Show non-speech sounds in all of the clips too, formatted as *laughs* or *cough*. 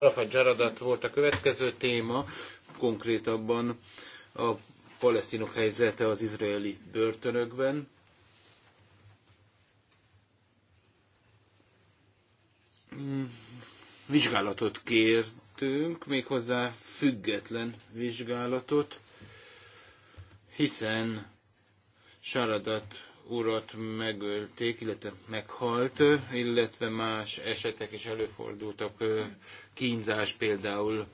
Rafa Jaradat volt a következő téma, konkrétabban a palesztinok helyzete az izraeli börtönökben. Vizsgálatot kértünk, méghozzá független vizsgálatot, hiszen Sáradat urat megölték, illetve meghalt, illetve más esetek is előfordultak, kínzás például.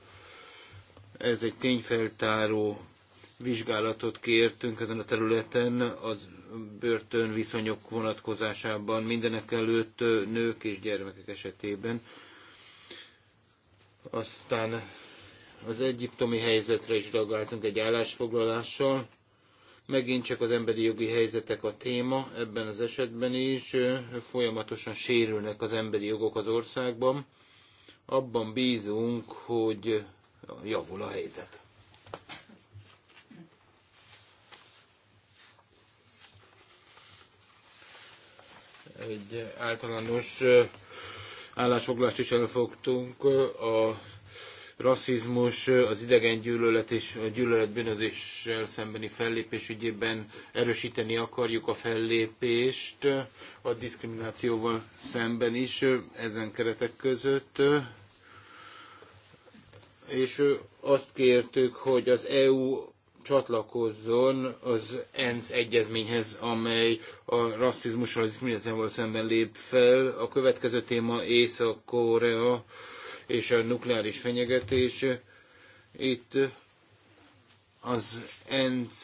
Ez egy tényfeltáró vizsgálatot kértünk ezen a területen, az börtön viszonyok vonatkozásában, mindenek előtt nők és gyermekek esetében. Aztán az egyiptomi helyzetre is reagáltunk egy állásfoglalással, Megint csak az emberi jogi helyzetek a téma, ebben az esetben is folyamatosan sérülnek az emberi jogok az országban. Abban bízunk, hogy javul a helyzet. Egy általános állásfoglalást is elfogtunk a rasszizmus, az idegengyűlölet és a gyűlöletbűnözéssel szembeni fellépés ügyében erősíteni akarjuk a fellépést a diszkriminációval szemben is ezen keretek között. És azt kértük, hogy az EU csatlakozzon az ENSZ egyezményhez, amely a rasszizmussal, a diszkriminációval szemben lép fel. A következő téma Észak-Korea és a nukleáris fenyegetés. Itt az ENC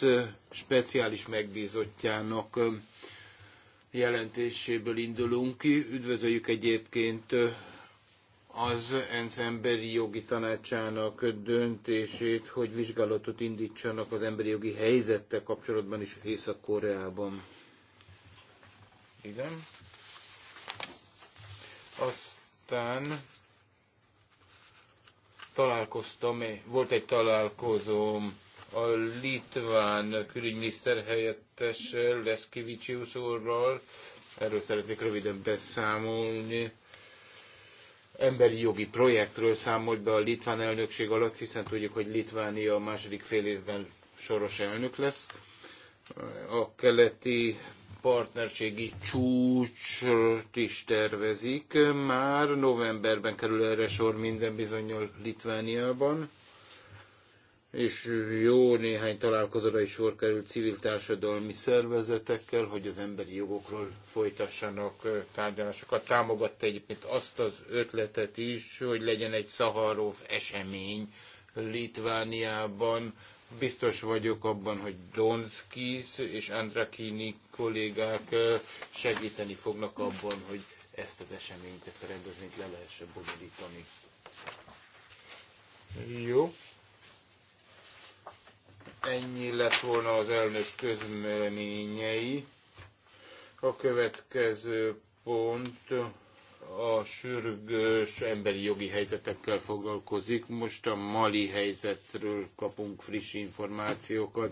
speciális megbízottjának jelentéséből indulunk ki. Üdvözöljük egyébként az ENSZ emberi jogi tanácsának döntését, hogy vizsgálatot indítsanak az emberi jogi helyzettel kapcsolatban is Észak-Koreában. Igen. Aztán találkoztam, volt egy találkozóm a litván külügyminiszter helyettes Leszkivicius úrral, erről szeretnék röviden beszámolni. Emberi jogi projektről számolt be a litván elnökség alatt, hiszen tudjuk, hogy Litvánia a második fél évben soros elnök lesz. A keleti partnerségi csúcsot is tervezik. Már novemberben kerül erre sor minden bizonyal Litvániában, és jó néhány találkozóra is sor került civil társadalmi szervezetekkel, hogy az emberi jogokról folytassanak tárgyalásokat. Támogatta egyébként azt az ötletet is, hogy legyen egy Szaharov esemény Litvániában, Biztos vagyok abban, hogy Donskis és Andrakini kollégák segíteni fognak abban, hogy ezt az eseményt, ezt a rendezvényt le lehessen bonyolítani. Jó. Ennyi lett volna az elnök közleményei. A következő pont a sürgős emberi jogi helyzetekkel foglalkozik. Most a mali helyzetről kapunk friss információkat.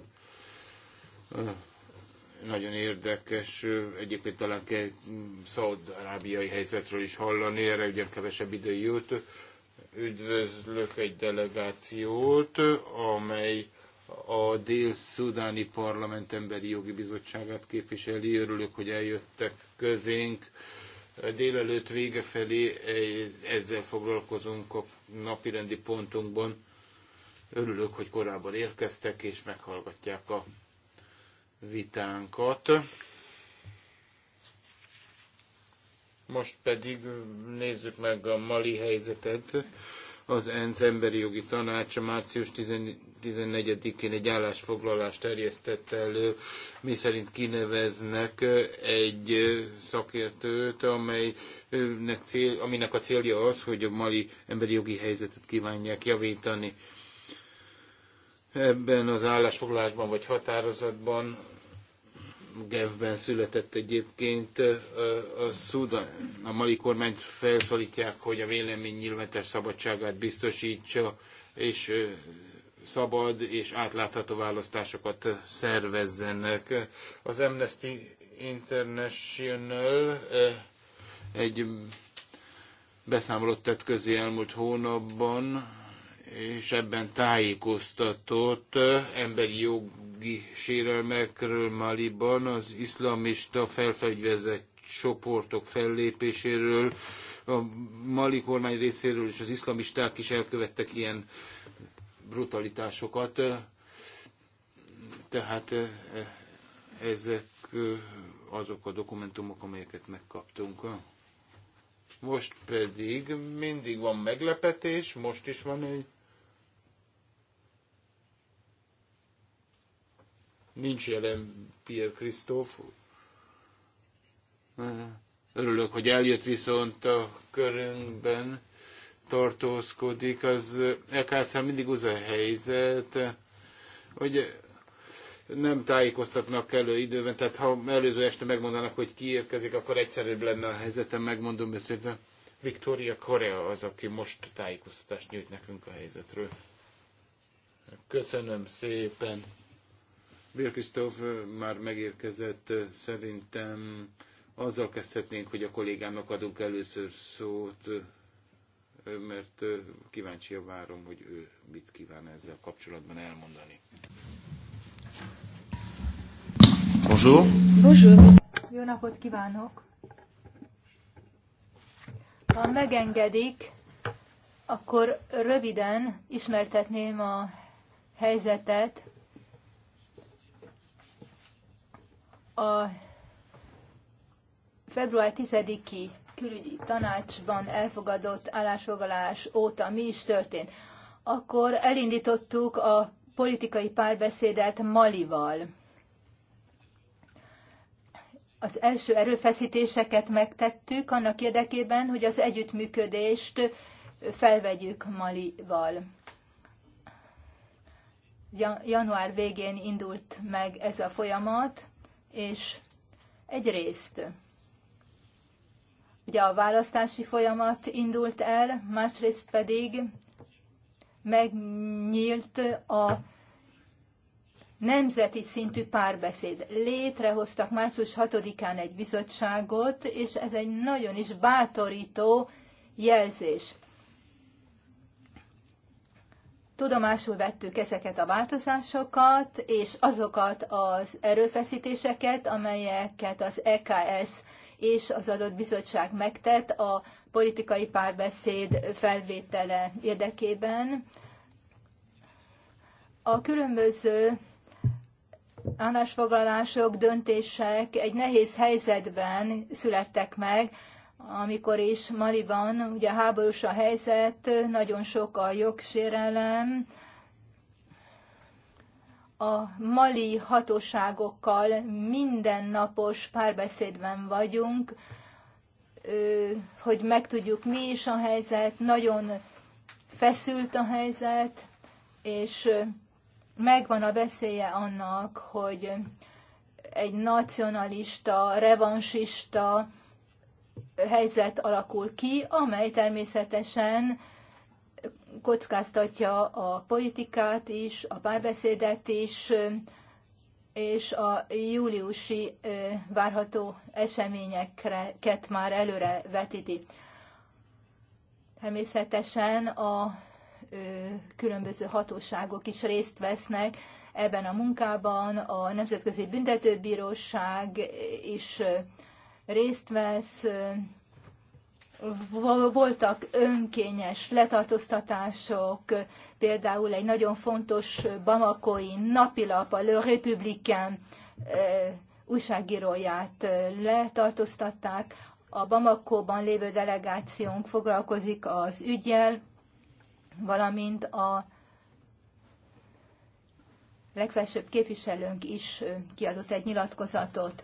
Nagyon érdekes. Egyébként talán kell szaud-arábiai helyzetről is hallani, erre ugye kevesebb idő jött. Üdvözlök egy delegációt, amely a Dél-Szudáni Parlament Emberi Jogi Bizottságát képviseli. Örülök, hogy eljöttek közénk délelőtt vége felé ezzel foglalkozunk a napi rendi pontunkban. Örülök, hogy korábban érkeztek és meghallgatják a vitánkat. Most pedig nézzük meg a mali helyzetet. Az ENSZ emberi jogi tanácsa március 14-én egy állásfoglalást terjesztett elő, mi szerint kineveznek egy szakértőt, amelynek cél, aminek a célja az, hogy a mali emberi jogi helyzetet kívánják javítani. Ebben az állásfoglalásban vagy határozatban Genfben született egyébként. A, Szudan, a mali kormányt felszólítják, hogy a vélemény szabadságát biztosítsa, és szabad és átlátható választásokat szervezzenek. Az Amnesty International egy beszámolót tett közé elmúlt hónapban, és ebben tájékoztatott emberi jogi sérelmekről Maliban, az iszlamista felfegyvezett csoportok fellépéséről, a mali kormány részéről és az iszlamisták is elkövettek ilyen brutalitásokat. Tehát e, ezek azok a dokumentumok, amelyeket megkaptunk. Most pedig mindig van meglepetés, most is van egy Nincs jelen Pierre Christophe. Örülök, hogy eljött viszont a körünkben tartózkodik. Az eksz mindig az a helyzet, hogy nem tájékoztatnak elő időben, tehát ha előző este megmondanak, hogy ki érkezik, akkor egyszerűbb lenne a helyzetem, megmondom beszélve. Victoria Korea az, aki most tájékoztatást nyújt nekünk a helyzetről. Köszönöm szépen. Bél Kristóf már megérkezett, szerintem azzal kezdhetnénk, hogy a kollégámnak adunk először szót, mert kíváncsi várom, hogy ő mit kíván ezzel kapcsolatban elmondani. Bonjour. Bonjour. Jó napot kívánok! Ha megengedik, akkor röviden ismertetném a helyzetet a február 10-i külügyi tanácsban elfogadott állásfoglalás óta mi is történt. Akkor elindítottuk a politikai párbeszédet Malival. Az első erőfeszítéseket megtettük annak érdekében, hogy az együttműködést felvegyük Malival. Január végén indult meg ez a folyamat, és egyrészt ugye a választási folyamat indult el, másrészt pedig megnyílt a nemzeti szintű párbeszéd. Létrehoztak március 6-án egy bizottságot, és ez egy nagyon is bátorító jelzés. Tudomásul vettük ezeket a változásokat, és azokat az erőfeszítéseket, amelyeket az EKS és az adott bizottság megtett a politikai párbeszéd felvétele érdekében. A különböző állásfoglalások, döntések egy nehéz helyzetben születtek meg, amikor is Maliban, ugye háborús a helyzet, nagyon sok a jogsérelem, a mali hatóságokkal mindennapos párbeszédben vagyunk, hogy megtudjuk mi is a helyzet, nagyon feszült a helyzet, és megvan a veszélye annak, hogy egy nacionalista, revansista helyzet alakul ki, amely természetesen kockáztatja a politikát is, a párbeszédet is, és a júliusi várható eseményeket már előre vetíti. Természetesen a különböző hatóságok is részt vesznek ebben a munkában, a Nemzetközi Büntetőbíróság is részt vesz, voltak önkényes letartóztatások, például egy nagyon fontos bamakói napilap, a Le Républicain újságíróját letartóztatták. A Bamakóban lévő delegációnk foglalkozik az ügyel, valamint a legfelsőbb képviselőnk is kiadott egy nyilatkozatot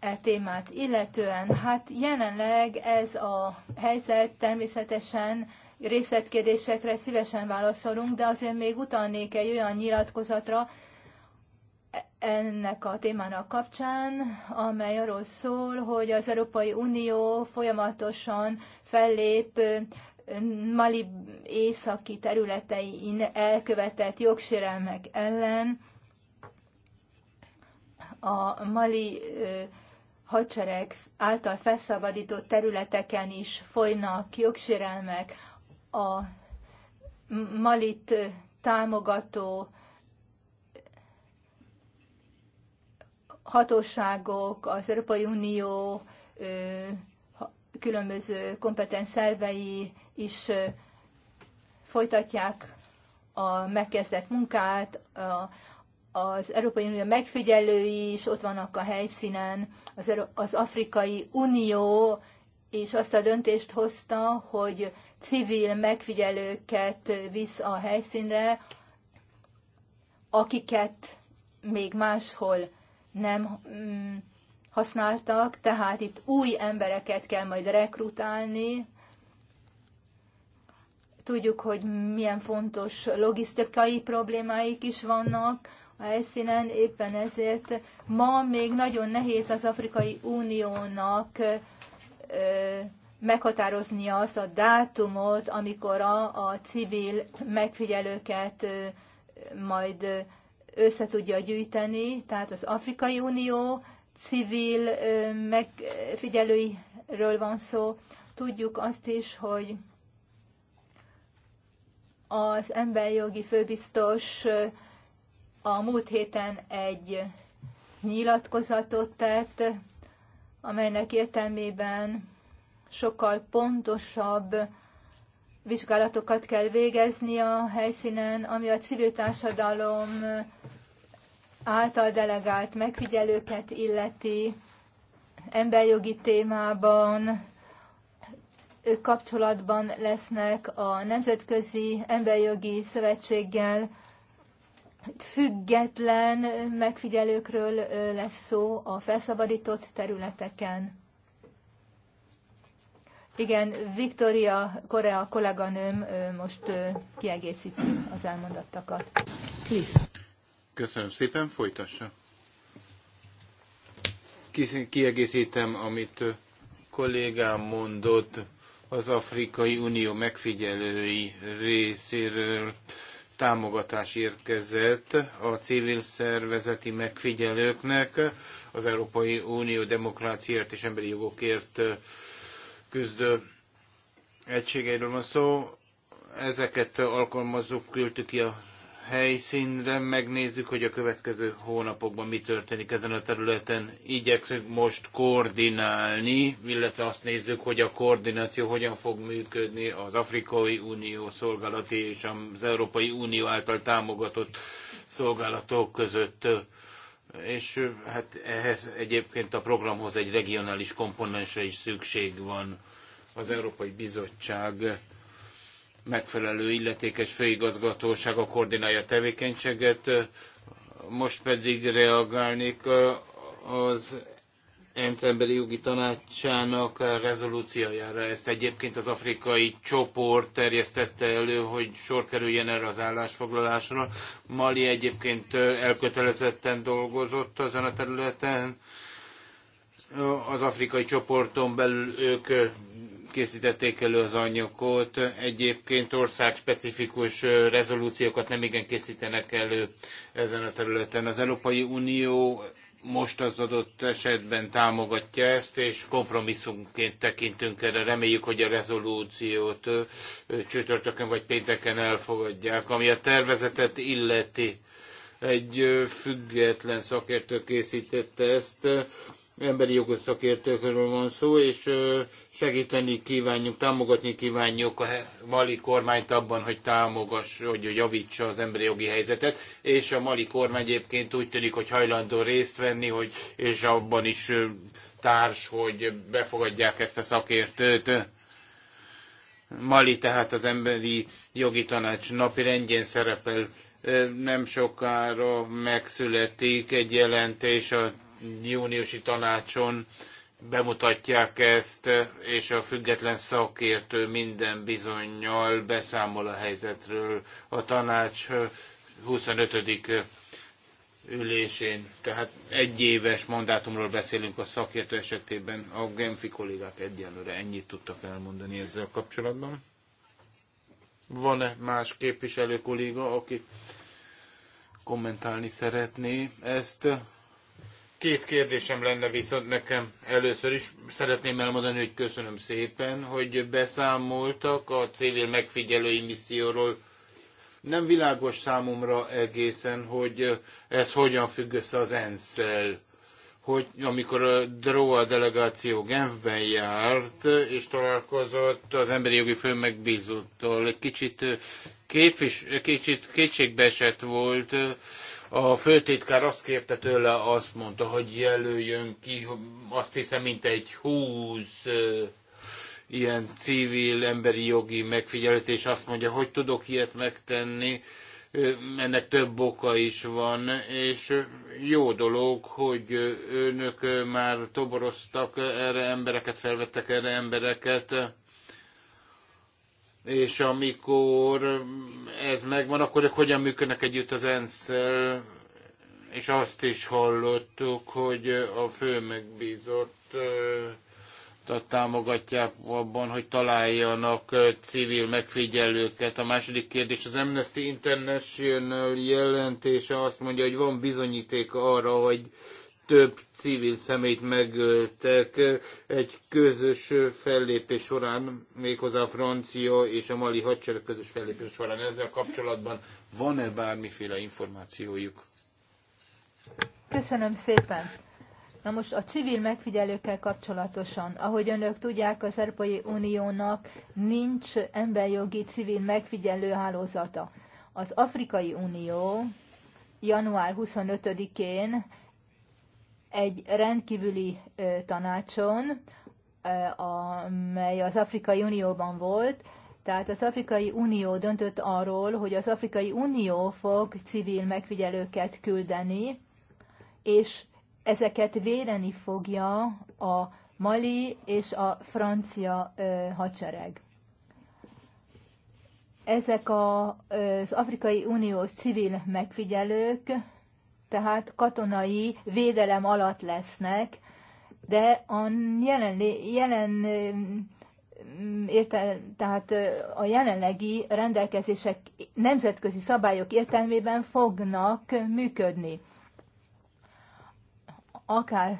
e témát illetően, hát jelenleg ez a helyzet természetesen részletkérdésekre szívesen válaszolunk, de azért még utalnék egy olyan nyilatkozatra ennek a témának kapcsán, amely arról szól, hogy az Európai Unió folyamatosan fellép Mali északi területein elkövetett jogsérelmek ellen, a mali hadsereg által felszabadított területeken is folynak jogsérelmek, a Malit támogató hatóságok, az Európai Unió különböző kompetens szervei is folytatják a megkezdett munkát, a az Európai Unió megfigyelői is ott vannak a helyszínen, az, az Afrikai Unió és azt a döntést hozta, hogy civil megfigyelőket visz a helyszínre, akiket még máshol nem mm, használtak, tehát itt új embereket kell majd rekrutálni. Tudjuk, hogy milyen fontos logisztikai problémáik is vannak, a helyszínen, éppen ezért ma még nagyon nehéz az Afrikai Uniónak meghatározni azt a dátumot, amikor a, a civil megfigyelőket majd össze tudja gyűjteni, tehát az Afrikai Unió civil megfigyelőiről van szó. Tudjuk azt is, hogy az emberjogi főbiztos a múlt héten egy nyilatkozatot tett, amelynek értelmében sokkal pontosabb vizsgálatokat kell végezni a helyszínen, ami a civil társadalom által delegált megfigyelőket illeti emberjogi témában, ők kapcsolatban lesznek a Nemzetközi Emberjogi Szövetséggel, független megfigyelőkről lesz szó a felszabadított területeken. Igen, Victoria Korea kolléganőm most kiegészíti az elmondattakat. Please. Köszönöm szépen, folytassa. Kiegészítem, amit kollégám mondott az Afrikai Unió megfigyelői részéről támogatás érkezett a civil szervezeti megfigyelőknek az Európai Unió demokráciáért és emberi jogokért küzdő egységeiről van szó. Ezeket alkalmazzuk, küldtük ki a helyszínre, megnézzük, hogy a következő hónapokban mi történik ezen a területen. Igyekszünk most koordinálni, illetve azt nézzük, hogy a koordináció hogyan fog működni az Afrikai Unió szolgálati és az Európai Unió által támogatott szolgálatok között. És hát ehhez egyébként a programhoz egy regionális komponensre is szükség van. Az Európai Bizottság megfelelő illetékes főigazgatósága koordinálja a tevékenységet. Most pedig reagálnék az ENSZ emberi jogi tanácsának rezolúciójára. Ezt egyébként az afrikai csoport terjesztette elő, hogy sor kerüljen erre az állásfoglalásra. Mali egyébként elkötelezetten dolgozott ezen a területen. Az afrikai csoporton belül ők készítették elő az anyagot, egyébként országspecifikus rezolúciókat nem igen készítenek elő ezen a területen. Az Európai Unió most az adott esetben támogatja ezt, és kompromisszumként tekintünk erre. Reméljük, hogy a rezolúciót csütörtökön vagy pénteken elfogadják, ami a tervezetet illeti. Egy független szakértő készítette ezt, emberi jogos szakértőkről van szó, és segíteni kívánjuk, támogatni kívánjuk a mali kormányt abban, hogy támogass, hogy javítsa az emberi jogi helyzetet, és a mali kormány egyébként úgy tűnik, hogy hajlandó részt venni, hogy, és abban is társ, hogy befogadják ezt a szakértőt. Mali tehát az emberi jogi tanács napi rendjén szerepel nem sokára megszületik egy jelentés a júniusi tanácson bemutatják ezt, és a független szakértő minden bizonyal beszámol a helyzetről a tanács 25 ülésén, tehát egy éves mandátumról beszélünk a szakértő esetében, a Genfi kollégák egyenlőre ennyit tudtak elmondani ezzel kapcsolatban. Van-e más képviselő kolléga, aki kommentálni szeretné ezt? Két kérdésem lenne viszont nekem. Először is szeretném elmondani, hogy köszönöm szépen, hogy beszámoltak a civil megfigyelői misszióról. Nem világos számomra egészen, hogy ez hogyan függ össze az ensz szel Hogy amikor a DROA delegáció Genfben járt, és találkozott az emberi jogi fő megbízottal, egy kicsit, képvis, kicsit kétségbeesett volt, a főtitkár azt kérte tőle, azt mondta, hogy jelöljön ki, azt hiszem, mint egy húsz ilyen civil, emberi jogi megfigyelőt, és azt mondja, hogy tudok ilyet megtenni, ennek több oka is van, és jó dolog, hogy önök már toboroztak erre embereket, felvettek erre embereket, és amikor ez megvan, akkor ők hogyan működnek együtt az ensz és azt is hallottuk, hogy a fő megbízott támogatják abban, hogy találjanak civil megfigyelőket. A második kérdés, az Amnesty International jelentése azt mondja, hogy van bizonyíték arra, hogy több civil szemét megöltek egy közös fellépés során, méghozzá a francia és a mali hadsereg közös fellépés során. Ezzel kapcsolatban van-e bármiféle információjuk? Köszönöm szépen! Na most a civil megfigyelőkkel kapcsolatosan, ahogy önök tudják, az Európai Uniónak nincs emberjogi civil megfigyelő hálózata. Az Afrikai Unió január 25-én egy rendkívüli tanácson, amely az Afrikai Unióban volt, tehát az Afrikai Unió döntött arról, hogy az Afrikai Unió fog civil megfigyelőket küldeni, és ezeket védeni fogja a mali és a francia hadsereg. Ezek a, az Afrikai Uniós civil megfigyelők tehát katonai védelem alatt lesznek, de a jelen, jelen mm, értel, tehát a jelenlegi rendelkezések nemzetközi szabályok értelmében fognak működni. Akár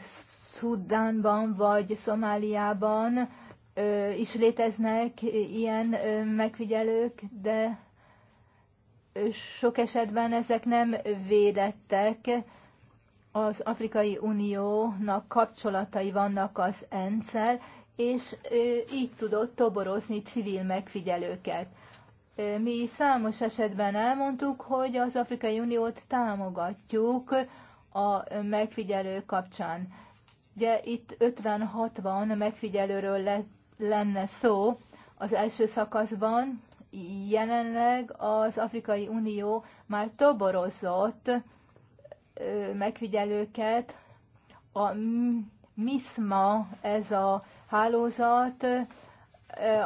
Szudánban vagy Szomáliában is léteznek ilyen megfigyelők, de sok esetben ezek nem védettek, az Afrikai Uniónak kapcsolatai vannak az ensz és így tudott toborozni civil megfigyelőket. Mi számos esetben elmondtuk, hogy az Afrikai Uniót támogatjuk a megfigyelő kapcsán. Ugye itt 50-60 megfigyelőről le, lenne szó az első szakaszban, jelenleg az Afrikai Unió már toborozott megfigyelőket. A MISMA ez a hálózat,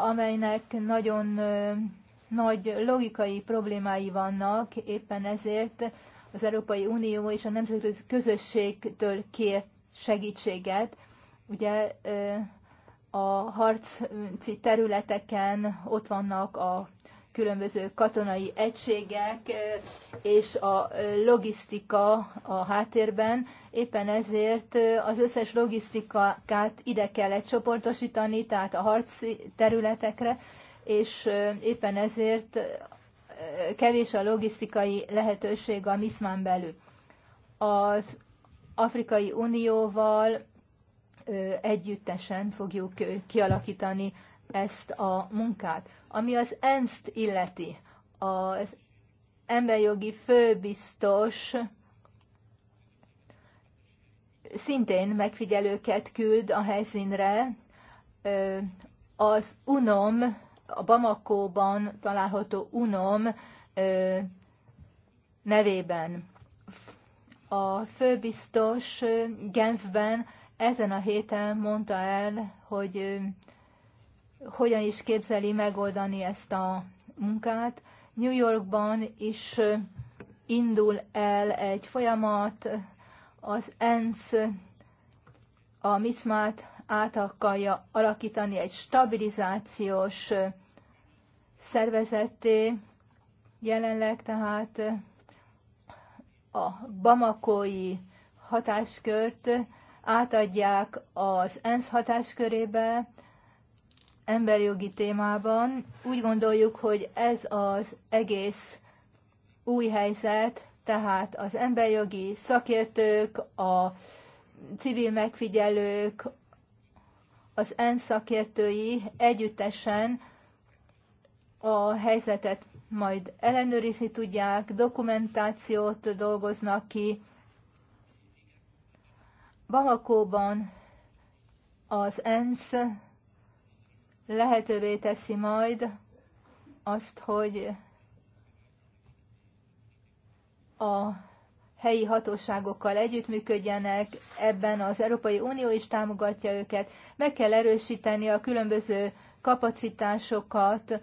amelynek nagyon nagy logikai problémái vannak, éppen ezért az Európai Unió és a nemzetközi közösségtől kér segítséget. Ugye a harci területeken ott vannak a különböző katonai egységek és a logisztika a háttérben. Éppen ezért az összes logisztikát ide kellett csoportosítani, tehát a harci területekre, és éppen ezért kevés a logisztikai lehetőség a MISZMÁN belül. Az Afrikai Unióval együttesen fogjuk kialakítani ezt a munkát. Ami az ENSZ-t illeti, az emberjogi főbiztos szintén megfigyelőket küld a helyszínre. Az UNOM, a Bamako-ban található UNOM nevében. A főbiztos Genfben ezen a héten mondta el, hogy hogyan is képzeli megoldani ezt a munkát. New Yorkban is indul el egy folyamat, az ENSZ a MISMÁT át akarja alakítani egy stabilizációs szervezetté, jelenleg tehát a bamakói hatáskört átadják az ENSZ hatáskörébe, emberjogi témában. Úgy gondoljuk, hogy ez az egész új helyzet, tehát az emberjogi szakértők, a civil megfigyelők, az ENSZ szakértői együttesen a helyzetet majd ellenőrizni tudják, dokumentációt dolgoznak ki. Bamakóban az ENSZ lehetővé teszi majd azt, hogy a helyi hatóságokkal együttműködjenek, ebben az Európai Unió is támogatja őket. Meg kell erősíteni a különböző kapacitásokat,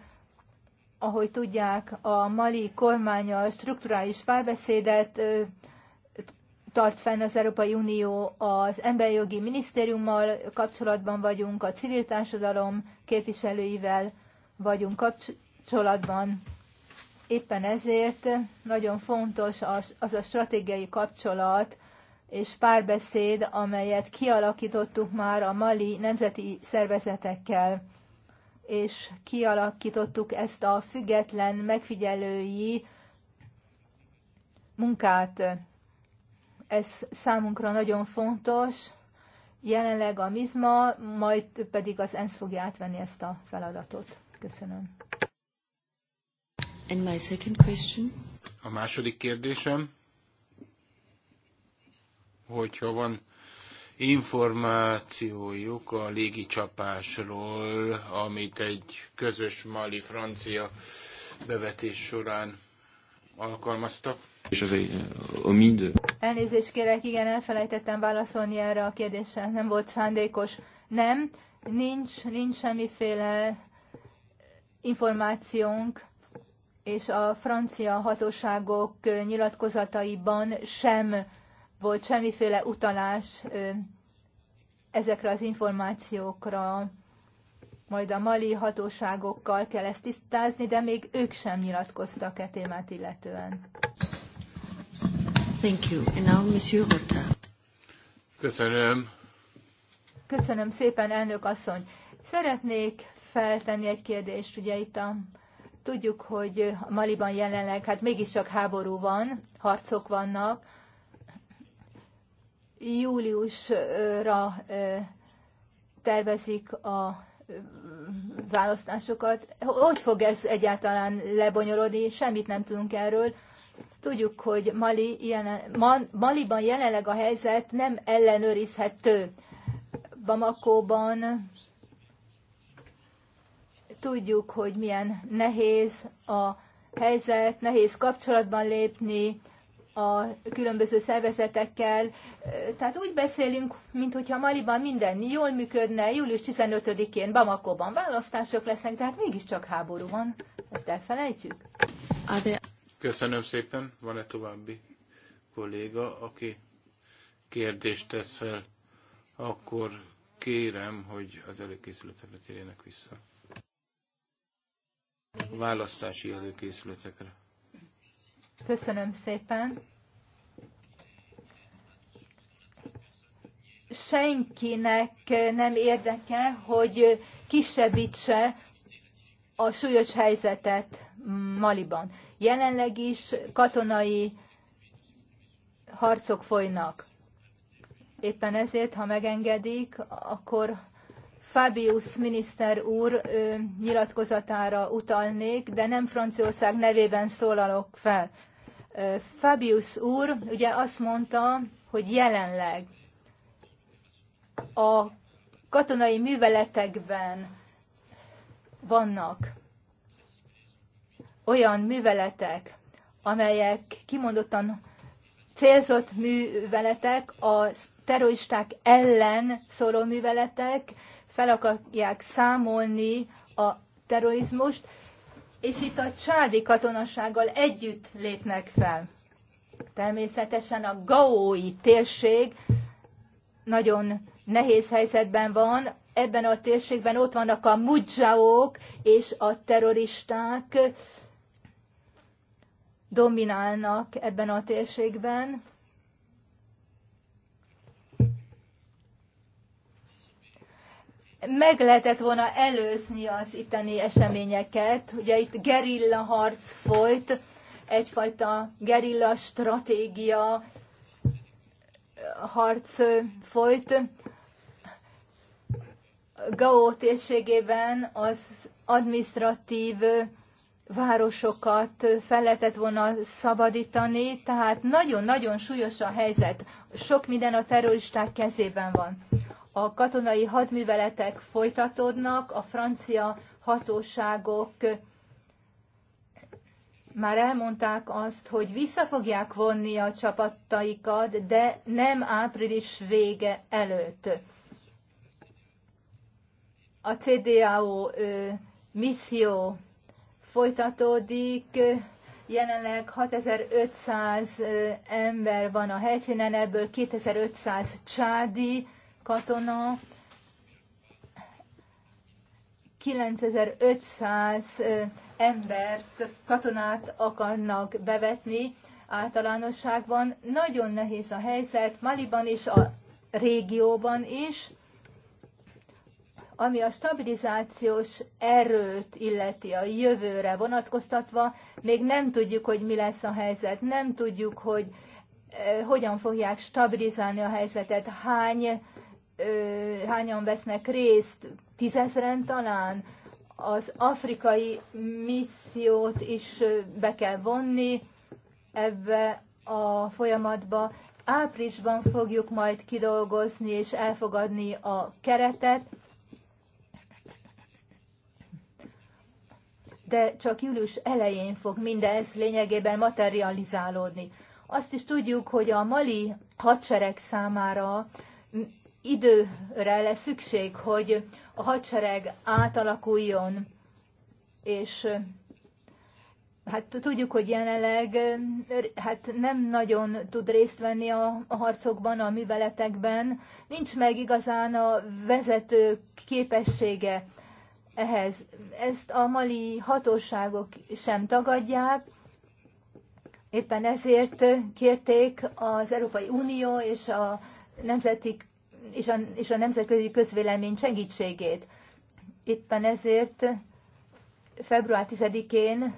ahogy tudják, a mali kormánya a strukturális párbeszédet tart fenn az Európai Unió az emberi jogi minisztériummal kapcsolatban vagyunk, a civil társadalom képviselőivel vagyunk kapcsolatban. Éppen ezért nagyon fontos az, az a stratégiai kapcsolat és párbeszéd, amelyet kialakítottuk már a mali nemzeti szervezetekkel, és kialakítottuk ezt a független megfigyelői munkát ez számunkra nagyon fontos. Jelenleg a MIZMA, majd pedig az ENSZ fogja átvenni ezt a feladatot. Köszönöm. And my second question? A második kérdésem, hogyha van információjuk a légicsapásról, amit egy közös mali francia bevetés során alkalmaztak. Elnézést kérek, igen, elfelejtettem válaszolni erre a kérdésre, nem volt szándékos. Nem, nincs, nincs semmiféle információnk, és a francia hatóságok nyilatkozataiban sem volt semmiféle utalás ezekre az információkra. Majd a mali hatóságokkal kell ezt tisztázni, de még ők sem nyilatkoztak e témát illetően. Thank you. And now Monsieur Rota. Köszönöm. Köszönöm szépen, elnök asszony. Szeretnék feltenni egy kérdést, ugye itt a, tudjuk, hogy Maliban jelenleg, hát mégiscsak háború van, harcok vannak. Júliusra tervezik a választásokat. Hogy fog ez egyáltalán lebonyolódni? Semmit nem tudunk erről. Tudjuk, hogy Mali jelen, Maliban jelenleg a helyzet nem ellenőrizhető. Bamakóban tudjuk, hogy milyen nehéz a helyzet, nehéz kapcsolatban lépni a különböző szervezetekkel. Tehát úgy beszélünk, mintha Maliban minden jól működne, július 15-én Bamakóban választások lesznek, tehát mégiscsak háború van. Ezt elfelejtjük? Köszönöm szépen. Van-e további kolléga, aki kérdést tesz fel? Akkor kérem, hogy az előkészületekre térjenek vissza. Választási előkészületekre. Köszönöm szépen. Senkinek nem érdeke, hogy kisebbítse a súlyos helyzetet Maliban. Jelenleg is katonai harcok folynak. Éppen ezért, ha megengedik, akkor Fabius miniszter úr ő, nyilatkozatára utalnék, de nem Franciaország nevében szólalok fel. Fabius úr ugye azt mondta, hogy jelenleg a katonai műveletekben vannak olyan műveletek, amelyek kimondottan célzott műveletek, a terroristák ellen szóló műveletek, fel akarják számolni a terrorizmust, és itt a csádi katonasággal együtt lépnek fel. Természetesen a gaói térség nagyon nehéz helyzetben van, ebben a térségben ott vannak a mudzsaók és a terroristák, dominálnak ebben a térségben. Meg lehetett volna előzni az itteni eseményeket. Ugye itt gerilla harc folyt, egyfajta gerilla stratégia harc folyt. Gao térségében az administratív városokat fel lehetett volna szabadítani, tehát nagyon-nagyon súlyos a helyzet. Sok minden a terroristák kezében van. A katonai hadműveletek folytatódnak, a francia hatóságok már elmondták azt, hogy vissza fogják vonni a csapataikat, de nem április vége előtt. A CDAO ö, misszió folytatódik. Jelenleg 6500 ember van a helyszínen, ebből 2500 csádi katona, 9500 embert, katonát akarnak bevetni általánosságban. Nagyon nehéz a helyzet Maliban is, a régióban is. Ami a stabilizációs erőt illeti a jövőre vonatkoztatva, még nem tudjuk, hogy mi lesz a helyzet, nem tudjuk, hogy hogyan fogják stabilizálni a helyzetet, hány, hányan vesznek részt, tízezren talán, az afrikai missziót is be kell vonni ebbe a folyamatba. Áprilisban fogjuk majd kidolgozni és elfogadni a keretet, de csak július elején fog mindez lényegében materializálódni. Azt is tudjuk, hogy a mali hadsereg számára időre lesz szükség, hogy a hadsereg átalakuljon, és hát tudjuk, hogy jelenleg hát nem nagyon tud részt venni a, harcokban, a műveletekben, nincs meg igazán a vezető képessége ehhez. Ezt a mali hatóságok sem tagadják, éppen ezért kérték az Európai Unió és a, nemzeti, és a, és a nemzetközi közvélemény segítségét. Éppen ezért február 10-én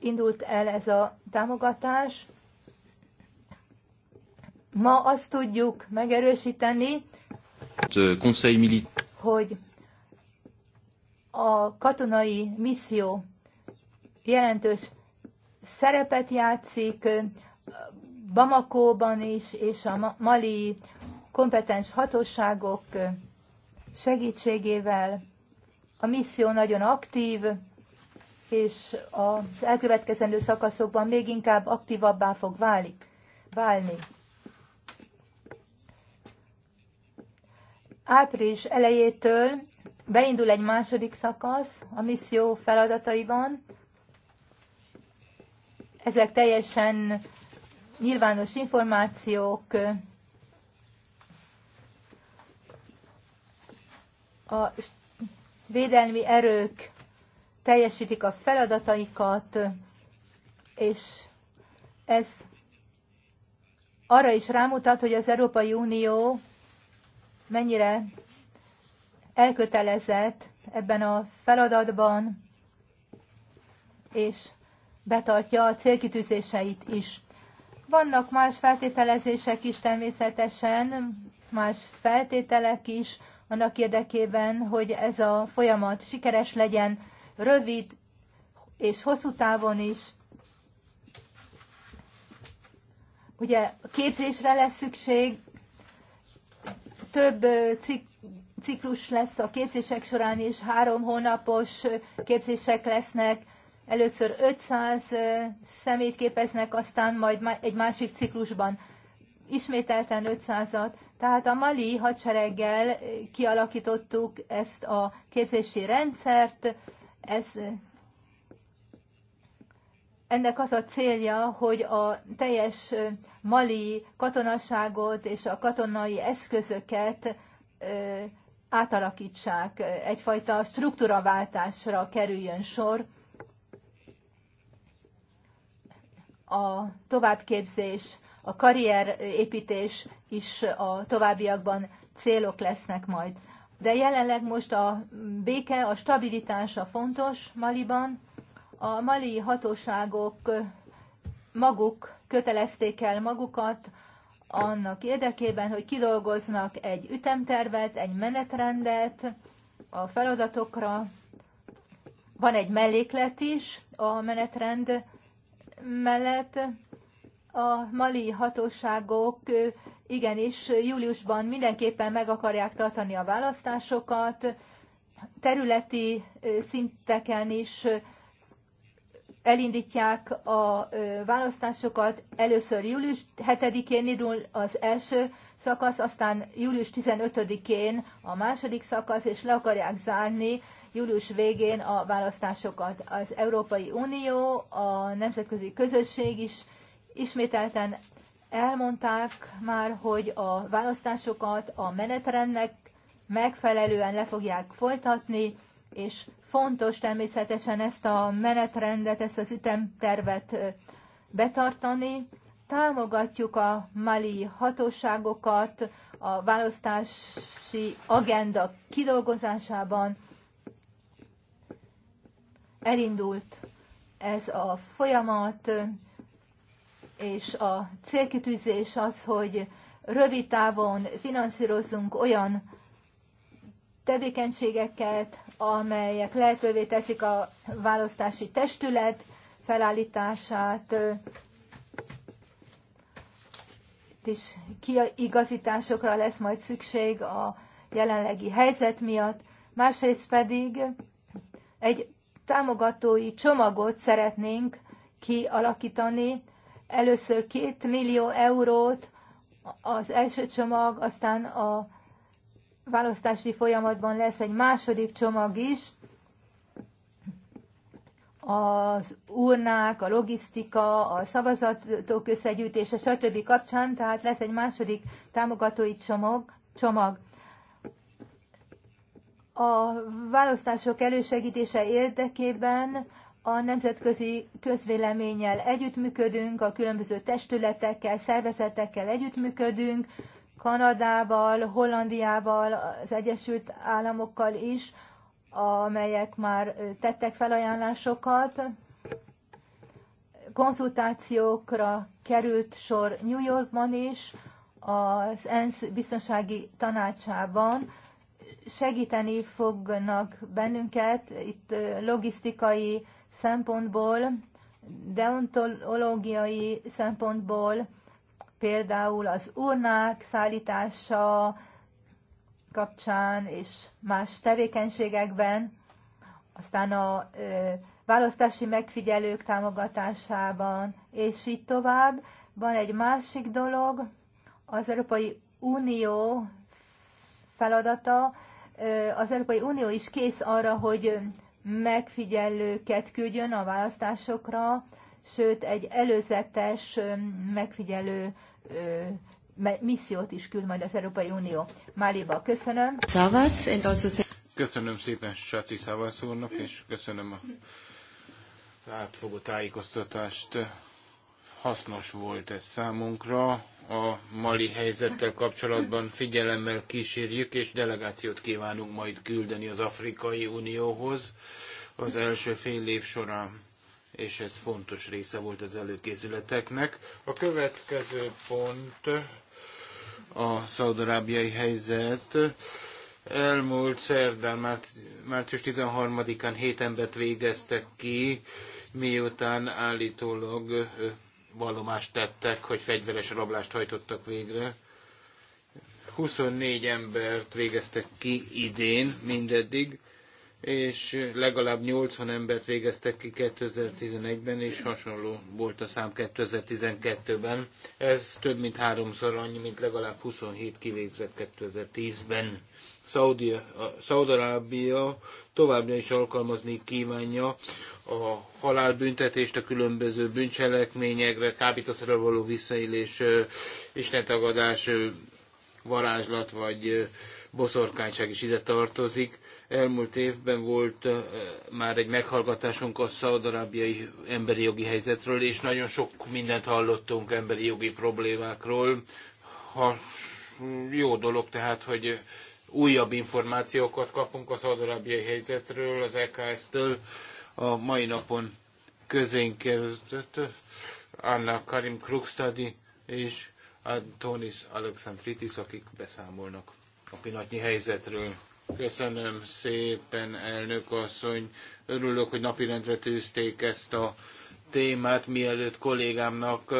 indult el ez a támogatás. Ma azt tudjuk megerősíteni, hogy a katonai misszió jelentős szerepet játszik Bamakóban is, és a mali kompetens hatóságok segítségével. A misszió nagyon aktív, és az elkövetkezendő szakaszokban még inkább aktívabbá fog válik, válni. Április elejétől beindul egy második szakasz a misszió feladataiban. Ezek teljesen nyilvános információk, a védelmi erők teljesítik a feladataikat, és ez arra is rámutat, hogy az Európai Unió mennyire elkötelezett ebben a feladatban, és betartja a célkitűzéseit is. Vannak más feltételezések is természetesen, más feltételek is, annak érdekében, hogy ez a folyamat sikeres legyen, rövid és hosszú távon is. Ugye képzésre lesz szükség, több cikk ciklus lesz a képzések során is, három hónapos képzések lesznek, először 500 szemét képeznek, aztán majd egy másik ciklusban ismételten 500-at. Tehát a mali hadsereggel kialakítottuk ezt a képzési rendszert, ez ennek az a célja, hogy a teljes mali katonaságot és a katonai eszközöket átalakítsák, egyfajta struktúraváltásra kerüljön sor. A továbbképzés, a karrierépítés is a továbbiakban célok lesznek majd. De jelenleg most a béke, a stabilitás a fontos Maliban. A mali hatóságok maguk kötelezték el magukat annak érdekében, hogy kidolgoznak egy ütemtervet, egy menetrendet a feladatokra. Van egy melléklet is a menetrend mellett. A mali hatóságok igenis júliusban mindenképpen meg akarják tartani a választásokat, területi szinteken is elindítják a választásokat. Először július 7-én indul az első szakasz, aztán július 15-én a második szakasz, és le akarják zárni július végén a választásokat. Az Európai Unió, a nemzetközi közösség is ismételten elmondták már, hogy a választásokat a menetrendnek megfelelően le fogják folytatni, és fontos természetesen ezt a menetrendet, ezt az ütemtervet betartani. Támogatjuk a mali hatóságokat a választási agenda kidolgozásában. Elindult ez a folyamat, és a célkitűzés az, hogy rövid távon finanszírozzunk olyan tevékenységeket, amelyek lehetővé teszik a választási testület felállítását, és kiigazításokra lesz majd szükség a jelenlegi helyzet miatt, másrészt pedig egy támogatói csomagot szeretnénk kialakítani, először két millió eurót az első csomag, aztán a választási folyamatban lesz egy második csomag is, az urnák, a logisztika, a szavazatok összegyűjtése, stb. kapcsán, tehát lesz egy második támogatói csomag. csomag. A választások elősegítése érdekében a nemzetközi közvéleménnyel együttműködünk, a különböző testületekkel, szervezetekkel együttműködünk, Kanadával, Hollandiával, az Egyesült Államokkal is, amelyek már tettek felajánlásokat. Konzultációkra került sor New Yorkban is, az ENSZ biztonsági tanácsában segíteni fognak bennünket itt logisztikai szempontból, deontológiai szempontból, például az urnák szállítása kapcsán és más tevékenységekben, aztán a választási megfigyelők támogatásában, és így tovább. Van egy másik dolog, az Európai Unió feladata, az Európai Unió is kész arra, hogy megfigyelőket küldjön a választásokra, sőt egy előzetes megfigyelő missziót is küld majd az Európai Unió Máliba. Köszönöm. Köszönöm szépen Saci Szavasz úrnak, és köszönöm a átfogó tájékoztatást. Hasznos volt ez számunkra. A mali helyzettel kapcsolatban figyelemmel kísérjük, és delegációt kívánunk majd küldeni az Afrikai Unióhoz az első fél év során és ez fontos része volt az előkészületeknek. A következő pont a szaudarábiai helyzet. Elmúlt szerdán, már, március 13-án hét embert végeztek ki, miután állítólag vallomást tettek, hogy fegyveres rablást hajtottak végre. 24 embert végeztek ki idén, mindeddig és legalább 80 embert végeztek ki 2011-ben, és hasonló volt a szám 2012-ben. Ez több mint háromszor annyi, mint legalább 27 kivégzett 2010-ben. Szaudarábia továbbra is alkalmazni kívánja a halálbüntetést a különböző bűncselekményekre, kábítószerrel való visszaélés, istentagadás, varázslat vagy boszorkányság is ide tartozik Elmúlt évben volt már egy meghallgatásunk a szaudarábiai emberi jogi helyzetről, és nagyon sok mindent hallottunk emberi jogi problémákról. Ha jó dolog tehát, hogy újabb információkat kapunk a szaudarábiai helyzetről, az EKS-től a mai napon közénk kezdett Anna Karim Krugstadi és Antonis Alexandritis, akik beszámolnak a pillanatnyi helyzetről. Köszönöm szépen, elnök asszony. Örülök, hogy napirendre tűzték ezt a témát, mielőtt kollégámnak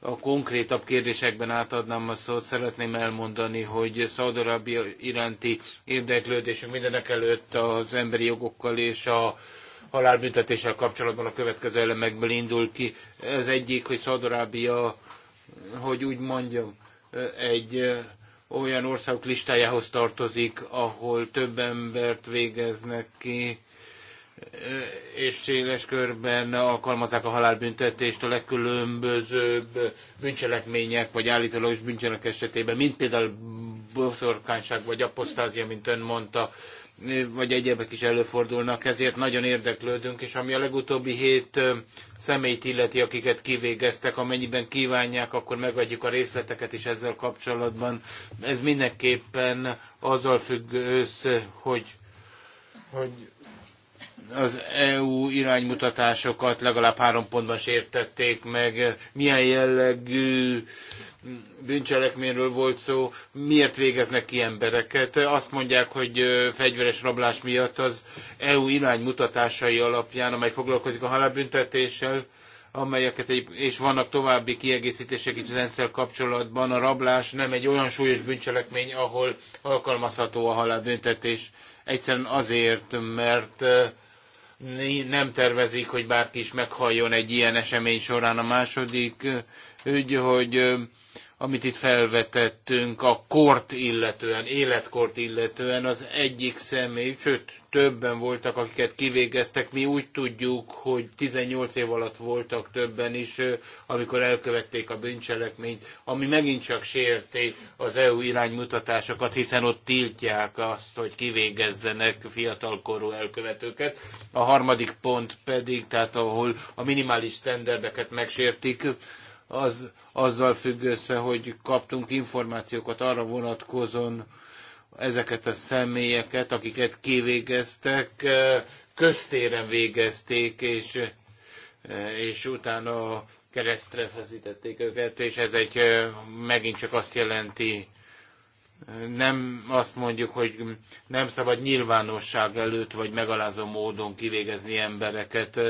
a konkrétabb kérdésekben átadnám a szót, szeretném elmondani, hogy Szaudarabia iránti érdeklődésünk mindenek előtt az emberi jogokkal és a halálbüntetéssel kapcsolatban a következő elemekből indul ki. Ez egyik, hogy Szaudarábia, hogy úgy mondjam, egy olyan országok listájához tartozik, ahol több embert végeznek ki, és széles körben alkalmazzák a halálbüntetést a legkülönbözőbb bűncselekmények, vagy állítólagos bűncselek esetében, mint például boszorkányság, vagy apostázia, mint ön mondta, vagy egyebek is előfordulnak, ezért nagyon érdeklődünk, és ami a legutóbbi hét személyt illeti, akiket kivégeztek, amennyiben kívánják, akkor megadjuk a részleteket is ezzel kapcsolatban. Ez mindenképpen azzal függ össze, hogy, hogy az EU iránymutatásokat legalább három pontban sértették meg, milyen jellegű bűncselekményről volt szó, miért végeznek ki embereket. Azt mondják, hogy fegyveres rablás miatt az EU iránymutatásai alapján, amely foglalkozik a halálbüntetéssel, amelyeket egy, és vannak további kiegészítések itt rendszer kapcsolatban. A rablás nem egy olyan súlyos bűncselekmény, ahol alkalmazható a halálbüntetés. Egyszerűen azért, mert nem tervezik, hogy bárki is meghalljon egy ilyen esemény során. A második ügy, hogy amit itt felvetettünk a kort illetően, életkort illetően az egyik személy, sőt többen voltak, akiket kivégeztek. Mi úgy tudjuk, hogy 18 év alatt voltak többen is, amikor elkövették a bűncselekményt, ami megint csak sérti az EU iránymutatásokat, hiszen ott tiltják azt, hogy kivégezzenek fiatalkorú elkövetőket. A harmadik pont pedig, tehát ahol a minimális sztenderdeket megsértik, az azzal függ össze, hogy kaptunk információkat arra vonatkozóan, ezeket a személyeket, akiket kivégeztek, eh, köztéren végezték, és, eh, és utána keresztre feszítették őket, és ez egy eh, megint csak azt jelenti, nem azt mondjuk, hogy nem szabad nyilvánosság előtt, vagy megalázó módon kivégezni embereket.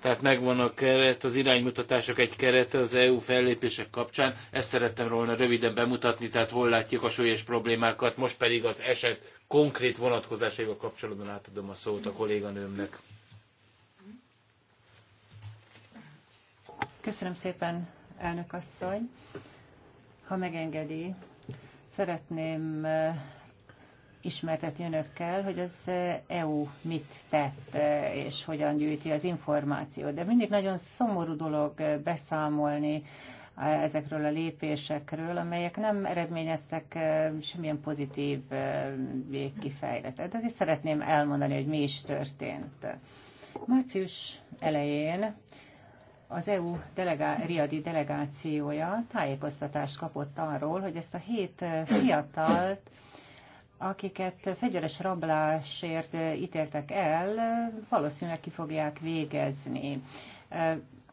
Tehát megvan a keret, az iránymutatások egy kerete az EU fellépések kapcsán. Ezt szerettem volna röviden bemutatni, tehát hol látjuk a súlyos problémákat. Most pedig az eset konkrét vonatkozásaival kapcsolatban átadom a szót a kolléganőmnek. Köszönöm szépen, elnök asszony. Ha megengedi, szeretném ismertetni önökkel, hogy az EU eh, e mit tett, eh, és hogyan gyűjti az információt. De mindig nagyon szomorú dolog eh, beszámolni ezekről a lépésekről, amelyek nem eredményeztek semmilyen pozitív végkifejletet. Ezért szeretném elmondani, hogy mi is történt. Március elején az EU delegá- riadi delegációja tájékoztatást kapott arról, hogy ezt a hét fiatalt akiket fegyveres rablásért ítéltek el, valószínűleg ki fogják végezni.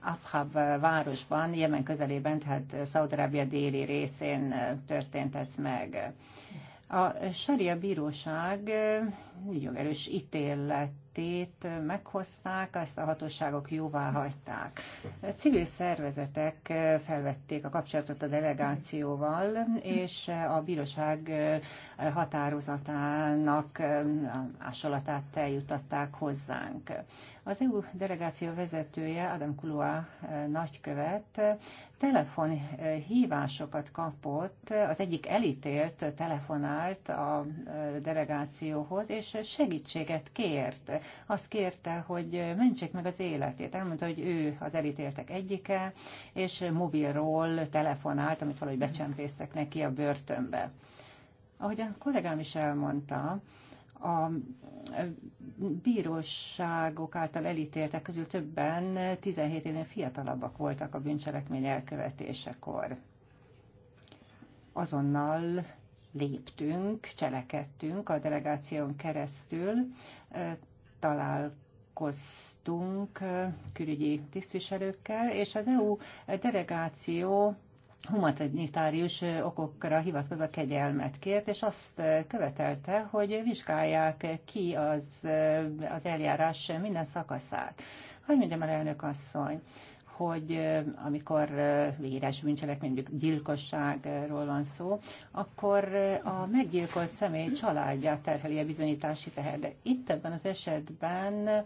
Abhab városban, Jemen közelében, tehát Szaudarábia déli részén történt ez meg. A Sharia bíróság jogerős ítéletét meghozták, ezt a hatóságok jóvá hagyták. A civil szervezetek felvették a kapcsolatot a delegációval, és a bíróság határozatának ásolatát eljutatták hozzánk. Az EU delegáció vezetője, Adam Kulua nagykövet, telefonhívásokat kapott, az egyik elítélt telefonált a delegációhoz, és és segítséget kért. Azt kérte, hogy mentsék meg az életét. Elmondta, hogy ő az elítéltek egyike, és mobilról telefonált, amit valahogy becsempésztek neki a börtönbe. Ahogy a kollégám is elmondta, a bíróságok által elítéltek közül többen 17 évnél fiatalabbak voltak a bűncselekmény elkövetésekor. Azonnal léptünk, cselekedtünk a delegáción keresztül, találkoztunk külügyi tisztviselőkkel, és az EU delegáció humanitárius okokra hivatkozva kegyelmet kért, és azt követelte, hogy vizsgálják ki az, az eljárás minden szakaszát. Hogy mondjam el, elnök asszony, hogy amikor véres bűncselek, mondjuk gyilkosságról van szó, akkor a meggyilkolt személy családját terheli a bizonyítási teher. De itt ebben az esetben